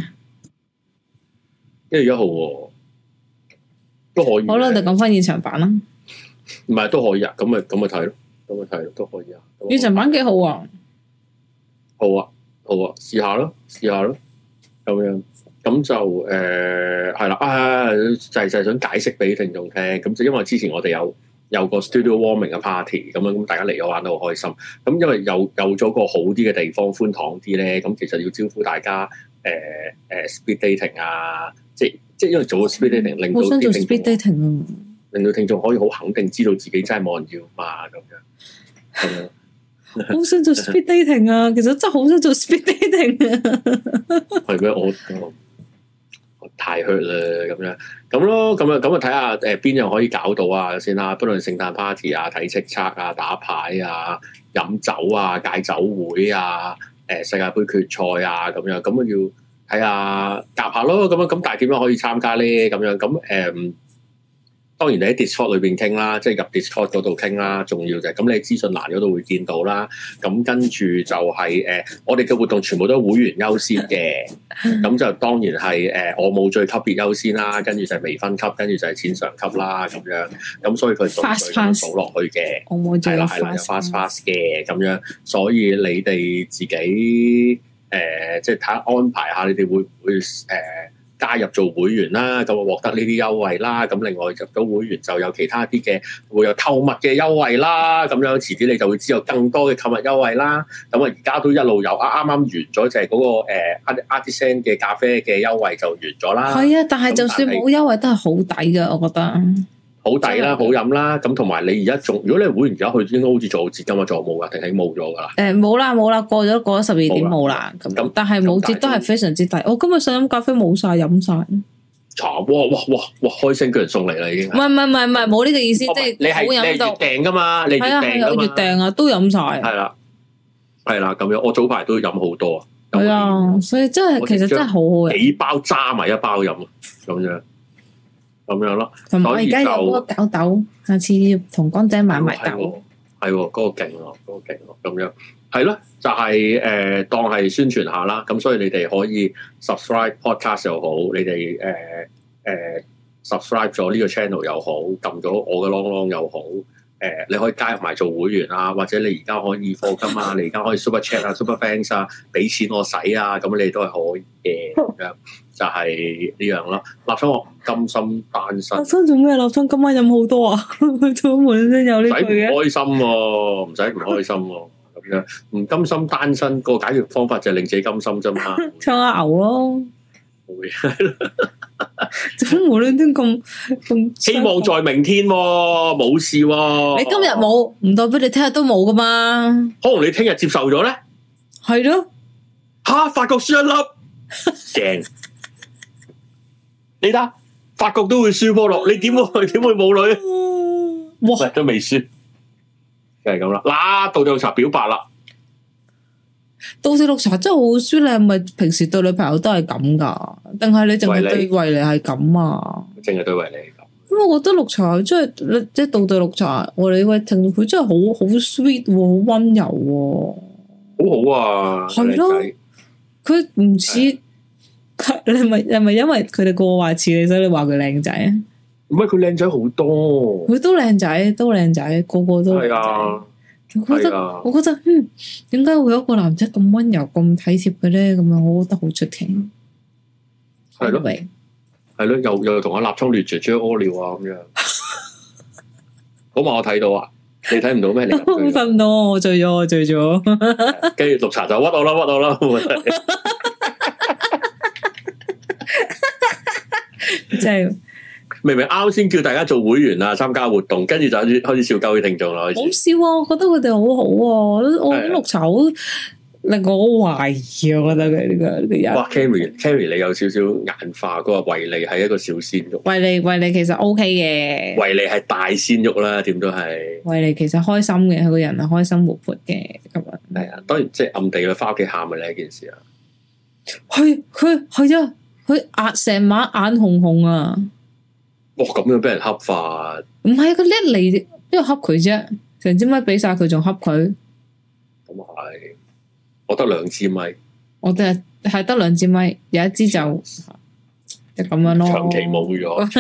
一月一號啊，都可以。好啦，就講返現場版啦。唔係都可以啊，咁咪咁咪睇咯，咁咪睇咯都可以啊。現場版幾好啊。好啊，好啊，試下咯，試下咯，咁樣。咁就誒係啦，就係、係、就係、係、想解釋俾聽眾聽。咁就因為之前我哋有有個 studio warming 嘅 party 咁樣，咁大家嚟咗玩得好開心。咁因為有有咗個好啲嘅地方，寬敞啲咧，咁其實要招呼大家誒誒、呃呃、speed dating 啊，即即因為做 speed dating 令到想做 speed dating，啊令到聽眾可以好肯定知道自己真係冇人要嘛咁樣。係 啊，好想做 speed dating 啊！ 其實真係好想做 speed dating 啊！係 咩我？我太 hot 啦咁樣，咁咯，咁啊，咁啊睇下邊樣可以搞到啊先啦，啊，不論聖誕 party 啊、睇叱咤啊、打牌啊、飲酒啊、解酒會啊、欸、世界盃決賽啊咁樣，咁啊要睇下夾下咯，咁樣咁但係點樣可以參加咧？咁樣咁誒。嗯當然你喺 Discord 裏面傾啦，即、就、係、是、入 Discord 嗰度傾啦，重要嘅。咁你資訊欄嗰度會見到啦。咁跟住就係、是、誒、呃，我哋嘅活動全部都會員優先嘅。咁 就當然係誒、呃，我冇最級別優先啦。跟住就係微分級，跟住就係淺上級啦咁樣。咁所以佢數數落去嘅，係啦係啦，fast pass 嘅咁樣。所以你哋自己誒，即係睇安排下，你哋會唔會、呃加入做會員啦，咁啊獲得呢啲優惠啦，咁另外入到會員就有其他啲嘅會有購物嘅優惠啦，咁樣遲啲你就會知有更多嘅購物優惠啦。咁啊，而家都一路有啊，啱啱完咗就係嗰個誒啊啲啊嘅咖啡嘅優惠就完咗啦。係啊，但係就算冇優惠都係好抵㗎，我覺得。好抵啦，好飲啦，咁同埋你而家仲，如果你會員而家去，應該好似做折金啊，做冇噶，定係冇咗噶啦。誒，冇啦冇啦，過咗過咗十二點冇啦。咁但係冇折都係非常之抵。我、哦、今日想飲咖啡，冇晒飲晒茶。哇哇哇哇，開聲居然送嚟啦，已經。唔係唔係唔係，冇呢個意思，即係你係你係月訂噶嘛，你月訂噶嘛，訂 啊都飲晒。係啦，係啦，咁樣我早排都飲好多啊。係啊，所以真係其實真係好好飲，幾包揸埋一包飲啊，咁樣。咁樣咯，同埋我而家有嗰個搞豆豆，下次同光仔買埋豆、嗯。係喎、哦，嗰、哦哦那個勁喎，嗰、那個勁喎，咁樣係咯，就係、是、誒、呃，當係宣傳下啦。咁所以你哋可以 subscribe podcast 又好，你哋誒誒 subscribe 咗呢個 channel 又好，撳咗我嘅 long long 又好。誒、呃，你可以加入埋做會員啊，或者你而家可以課金啊，你而家可以 super chat 啊，super fans 啊，俾、 啊、錢我使啊，咁你都係可以嘅咁樣。 就係、是、呢樣啦，立春我唔甘心單身。立春做咩啊？立春今晚飲好多啊！做乜先有呢，唔使唔開心喎、啊，唔使唔開心喎、啊，咁 樣唔甘心單身，個解決方法就係令自己甘心啫嘛。 唱下牛咯，會啊！做 乜無端端咁咁？希望在明天、啊，冇事、啊。你今日冇，唔代表你聽日都冇噶嘛？可能你聽日接受咗咧，係咯？吓、啊，發覺輸一粒正。 你睇法國都會輸波落，你點會去點會冇女？哇，都未輸，就係咁啦。嗱、啊，杜兆綠茶表白啦，倒氏綠茶真係好 sweet 係咪平時對女朋友都係咁噶？定係你淨係對維尼係咁啊？淨係對維尼咁。因為我覺得綠茶真係即係倒兆綠茶，我哋呢位聽眾佢真係好好 sweet，好温柔，好好啊。係咯、啊，佢唔似。你咪你係咪因為佢哋個個話似你，所以你話佢靚仔啊？唔係佢靚仔好多，佢都靚仔，都靚仔，個個都係啊！我、哎、覺得、哎，我覺得，嗯，點解會有一個男仔咁温柔、咁體貼佢咧？咁樣我覺得好出奇。係咯，明，係咯，又又同阿立冲亂著將屙尿啊咁樣， 好嘛？我睇到啊，你睇唔到咩？瞓唔到，我醉咗，我醉咗。跟 住綠茶就屈我啦，屈我啦。 即、就、係、是、明明啱先叫大家做會員啊，參加活動，跟住就開始開始笑鳩啲聽眾啦。好笑啊！我覺得佢哋好好啊，我好綠好，令我懷疑啊！我覺得佢呢、這個啲人。哇 Carrie，Carrie，你有少少眼化。佢話維利係一個小鮮肉，維利維利其實 O K 嘅。維利係大鮮肉啦，點都係。維利其實開心嘅，佢個人係開心活潑嘅咁啊。係、嗯、啊，當然即係暗地去返屋企喊嘅呢一件事啊。去，去，去咗。佢壓成晚眼紅紅啊！哇，咁樣俾人恰飯？唔係，佢叻嚟邊度恰佢啫？成支咪俾晒佢，仲恰佢？咁、嗯、係，我得兩支咪，我得係得兩支咪，有一支就就咁樣咯。長期冇咗，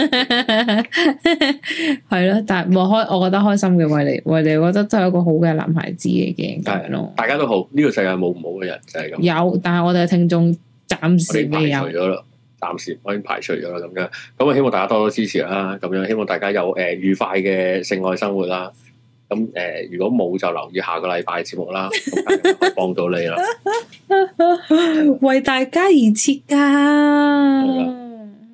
係咯？ 但係我開，我覺得開心嘅，維你，維你我覺得都係一個好嘅男孩子嚟嘅，係咯。大家都好，呢、這個世界冇唔好嘅人就係、是、咁。有，但係我哋嘅聽眾暫時未有。暫時我已經排除咗啦，咁樣咁啊，希望大家多多支持啦，咁樣希望大家有誒、呃、愉快嘅性愛生活啦。咁誒、呃，如果冇就留意下個禮拜節目啦，幫 到你啦，為大家而設噶。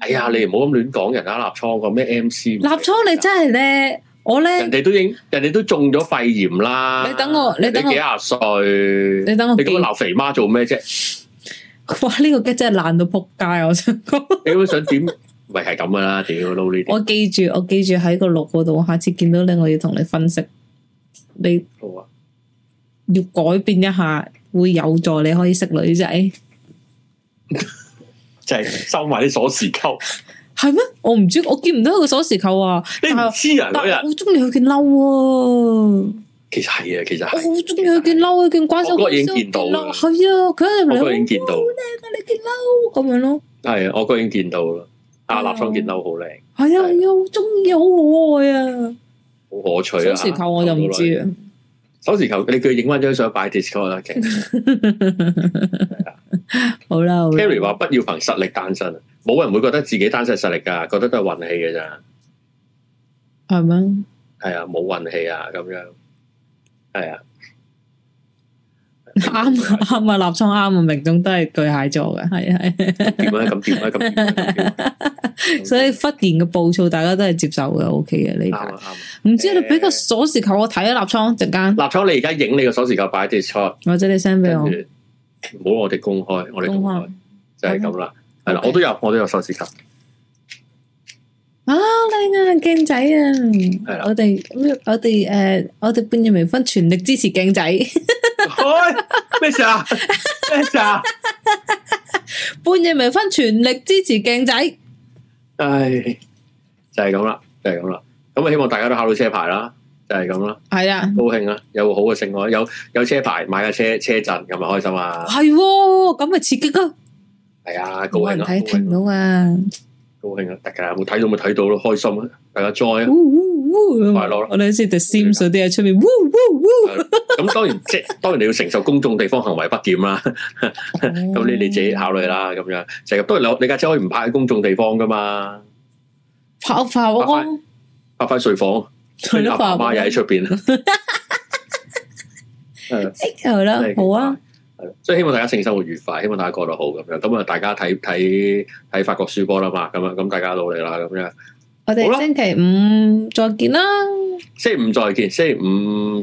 哎呀，你唔好咁亂講人啊！立倉個咩 M C？立倉你真係咧，我咧人哋都應，人哋都，都中咗肺炎啦。你等我，你等我幾廿歲？你等我，你咁鬧肥媽做咩啫？哇！呢、呢個 gag 真係爛到撲街，我想講，你都想點？咪係咁噶啦，屌、就是，撈呢啲。我記住，我記住喺個錄嗰度，我下次見到你，我要同你分析。你好啊？要改變一下，會有助你可以識女仔。啊、 就係收埋啲鎖匙扣。係 咩？我唔知，我見唔到個鎖匙扣啊！你唔黐人嗰日，我好中意佢件褸啊！其實係啊，其實係、啊。我，怪怪我、啊、好中意佢件褸，佢件寬鬆。我個人見到。係啊，佢一入嚟我話：好靚啊，你件褸咁樣咯。係、啊，我個人見到咯。阿、啊啊、立聰件褸，好靚。係啊係啊，好中意，好可愛啊。好可取啊！手時球我就唔知啊。手時球你叫影翻張相擺 Discord 啦，其實。 啊、好啦。Kerry 話：不要憑實力單身，冇人會覺得自己單身係實力噶，覺得都係運氣嘅咋。係咪？係啊，冇運氣啊，咁樣。係啊，啱啱啊！立倉啱啊，命、啊、中都係巨蟹座嘅，係啊係。點咁點咧？咁、 啊啊啊，所以忽然嘅暴躁，大家都係接受嘅，OK 嘅呢排。唔知你俾個鎖匙扣，我睇下立倉，陣間立倉，你而家影你個鎖匙扣擺啲錯，或者你 send 俾我，唔好我哋公開，我哋公開，公開就係咁啦，係啦，就是 okay. yeah, 我都有，我都有鎖匙扣。啊靚啊鏡仔啊！係啦我哋我哋誒、呃、我哋半夜微醺全力支持鏡仔，咩、 哎、事啊？咩事啊？ 半夜微醺全力支持鏡仔，唉、哎、就係咁啦就係咁啦咁啊！希望大家都考到車牌啦就係咁啦係啊高興啊！有好嘅成果、啊、有有車牌買架車車震咁咪開心啊係喎咁咪刺激啊係啊各位睇到啊！高興啊！大家有冇睇到？咪睇到咯，開心啊！大家 joy 啊，嗚嗚嗚快樂我哋先 the sims 啲喺出面，咁、 啊、當然即係 當然你要承受公眾地方行為不檢啦。咁、哦、 你你自己考慮啦。咁樣成日當然你你架車，車可以唔泊喺公眾地方㗎嘛？泊快，屋工，泊翻睡房，阿爸阿媽又喺出邊。係 啊，好啦，好啊。所以希望大家性生活愉快，希望大家過得好咁樣。咁啊，大家睇睇睇法國輸波啦嘛，咁樣，咁大家努力啦咁樣。我哋星期五再見啦。星期五再見，星期五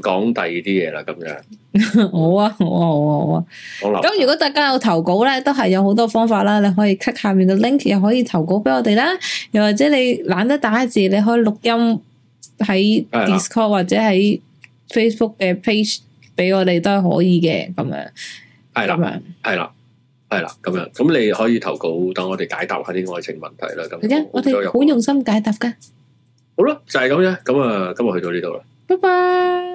講第二啲嘢啦，咁樣 好、啊。好啊，好啊，好啊，好啊。好啦。咁如果大家有投稿咧，都係有好多方法啦。你可以 cut 下面嘅 link，又可以投稿俾我哋啦。又或者你懶得打字，你可以錄音喺 Discord 或者喺 Facebook 嘅 page 俾我哋都係可以嘅咁樣。嗯係啦，係啦，係啦，咁樣，咁你可以投稿，等我哋解答下啲愛情問題啦。咁、嗯，我哋好用心解答噶。好啦，就係、是、咁樣，咁、嗯、啊，今日去到呢度啦，拜拜。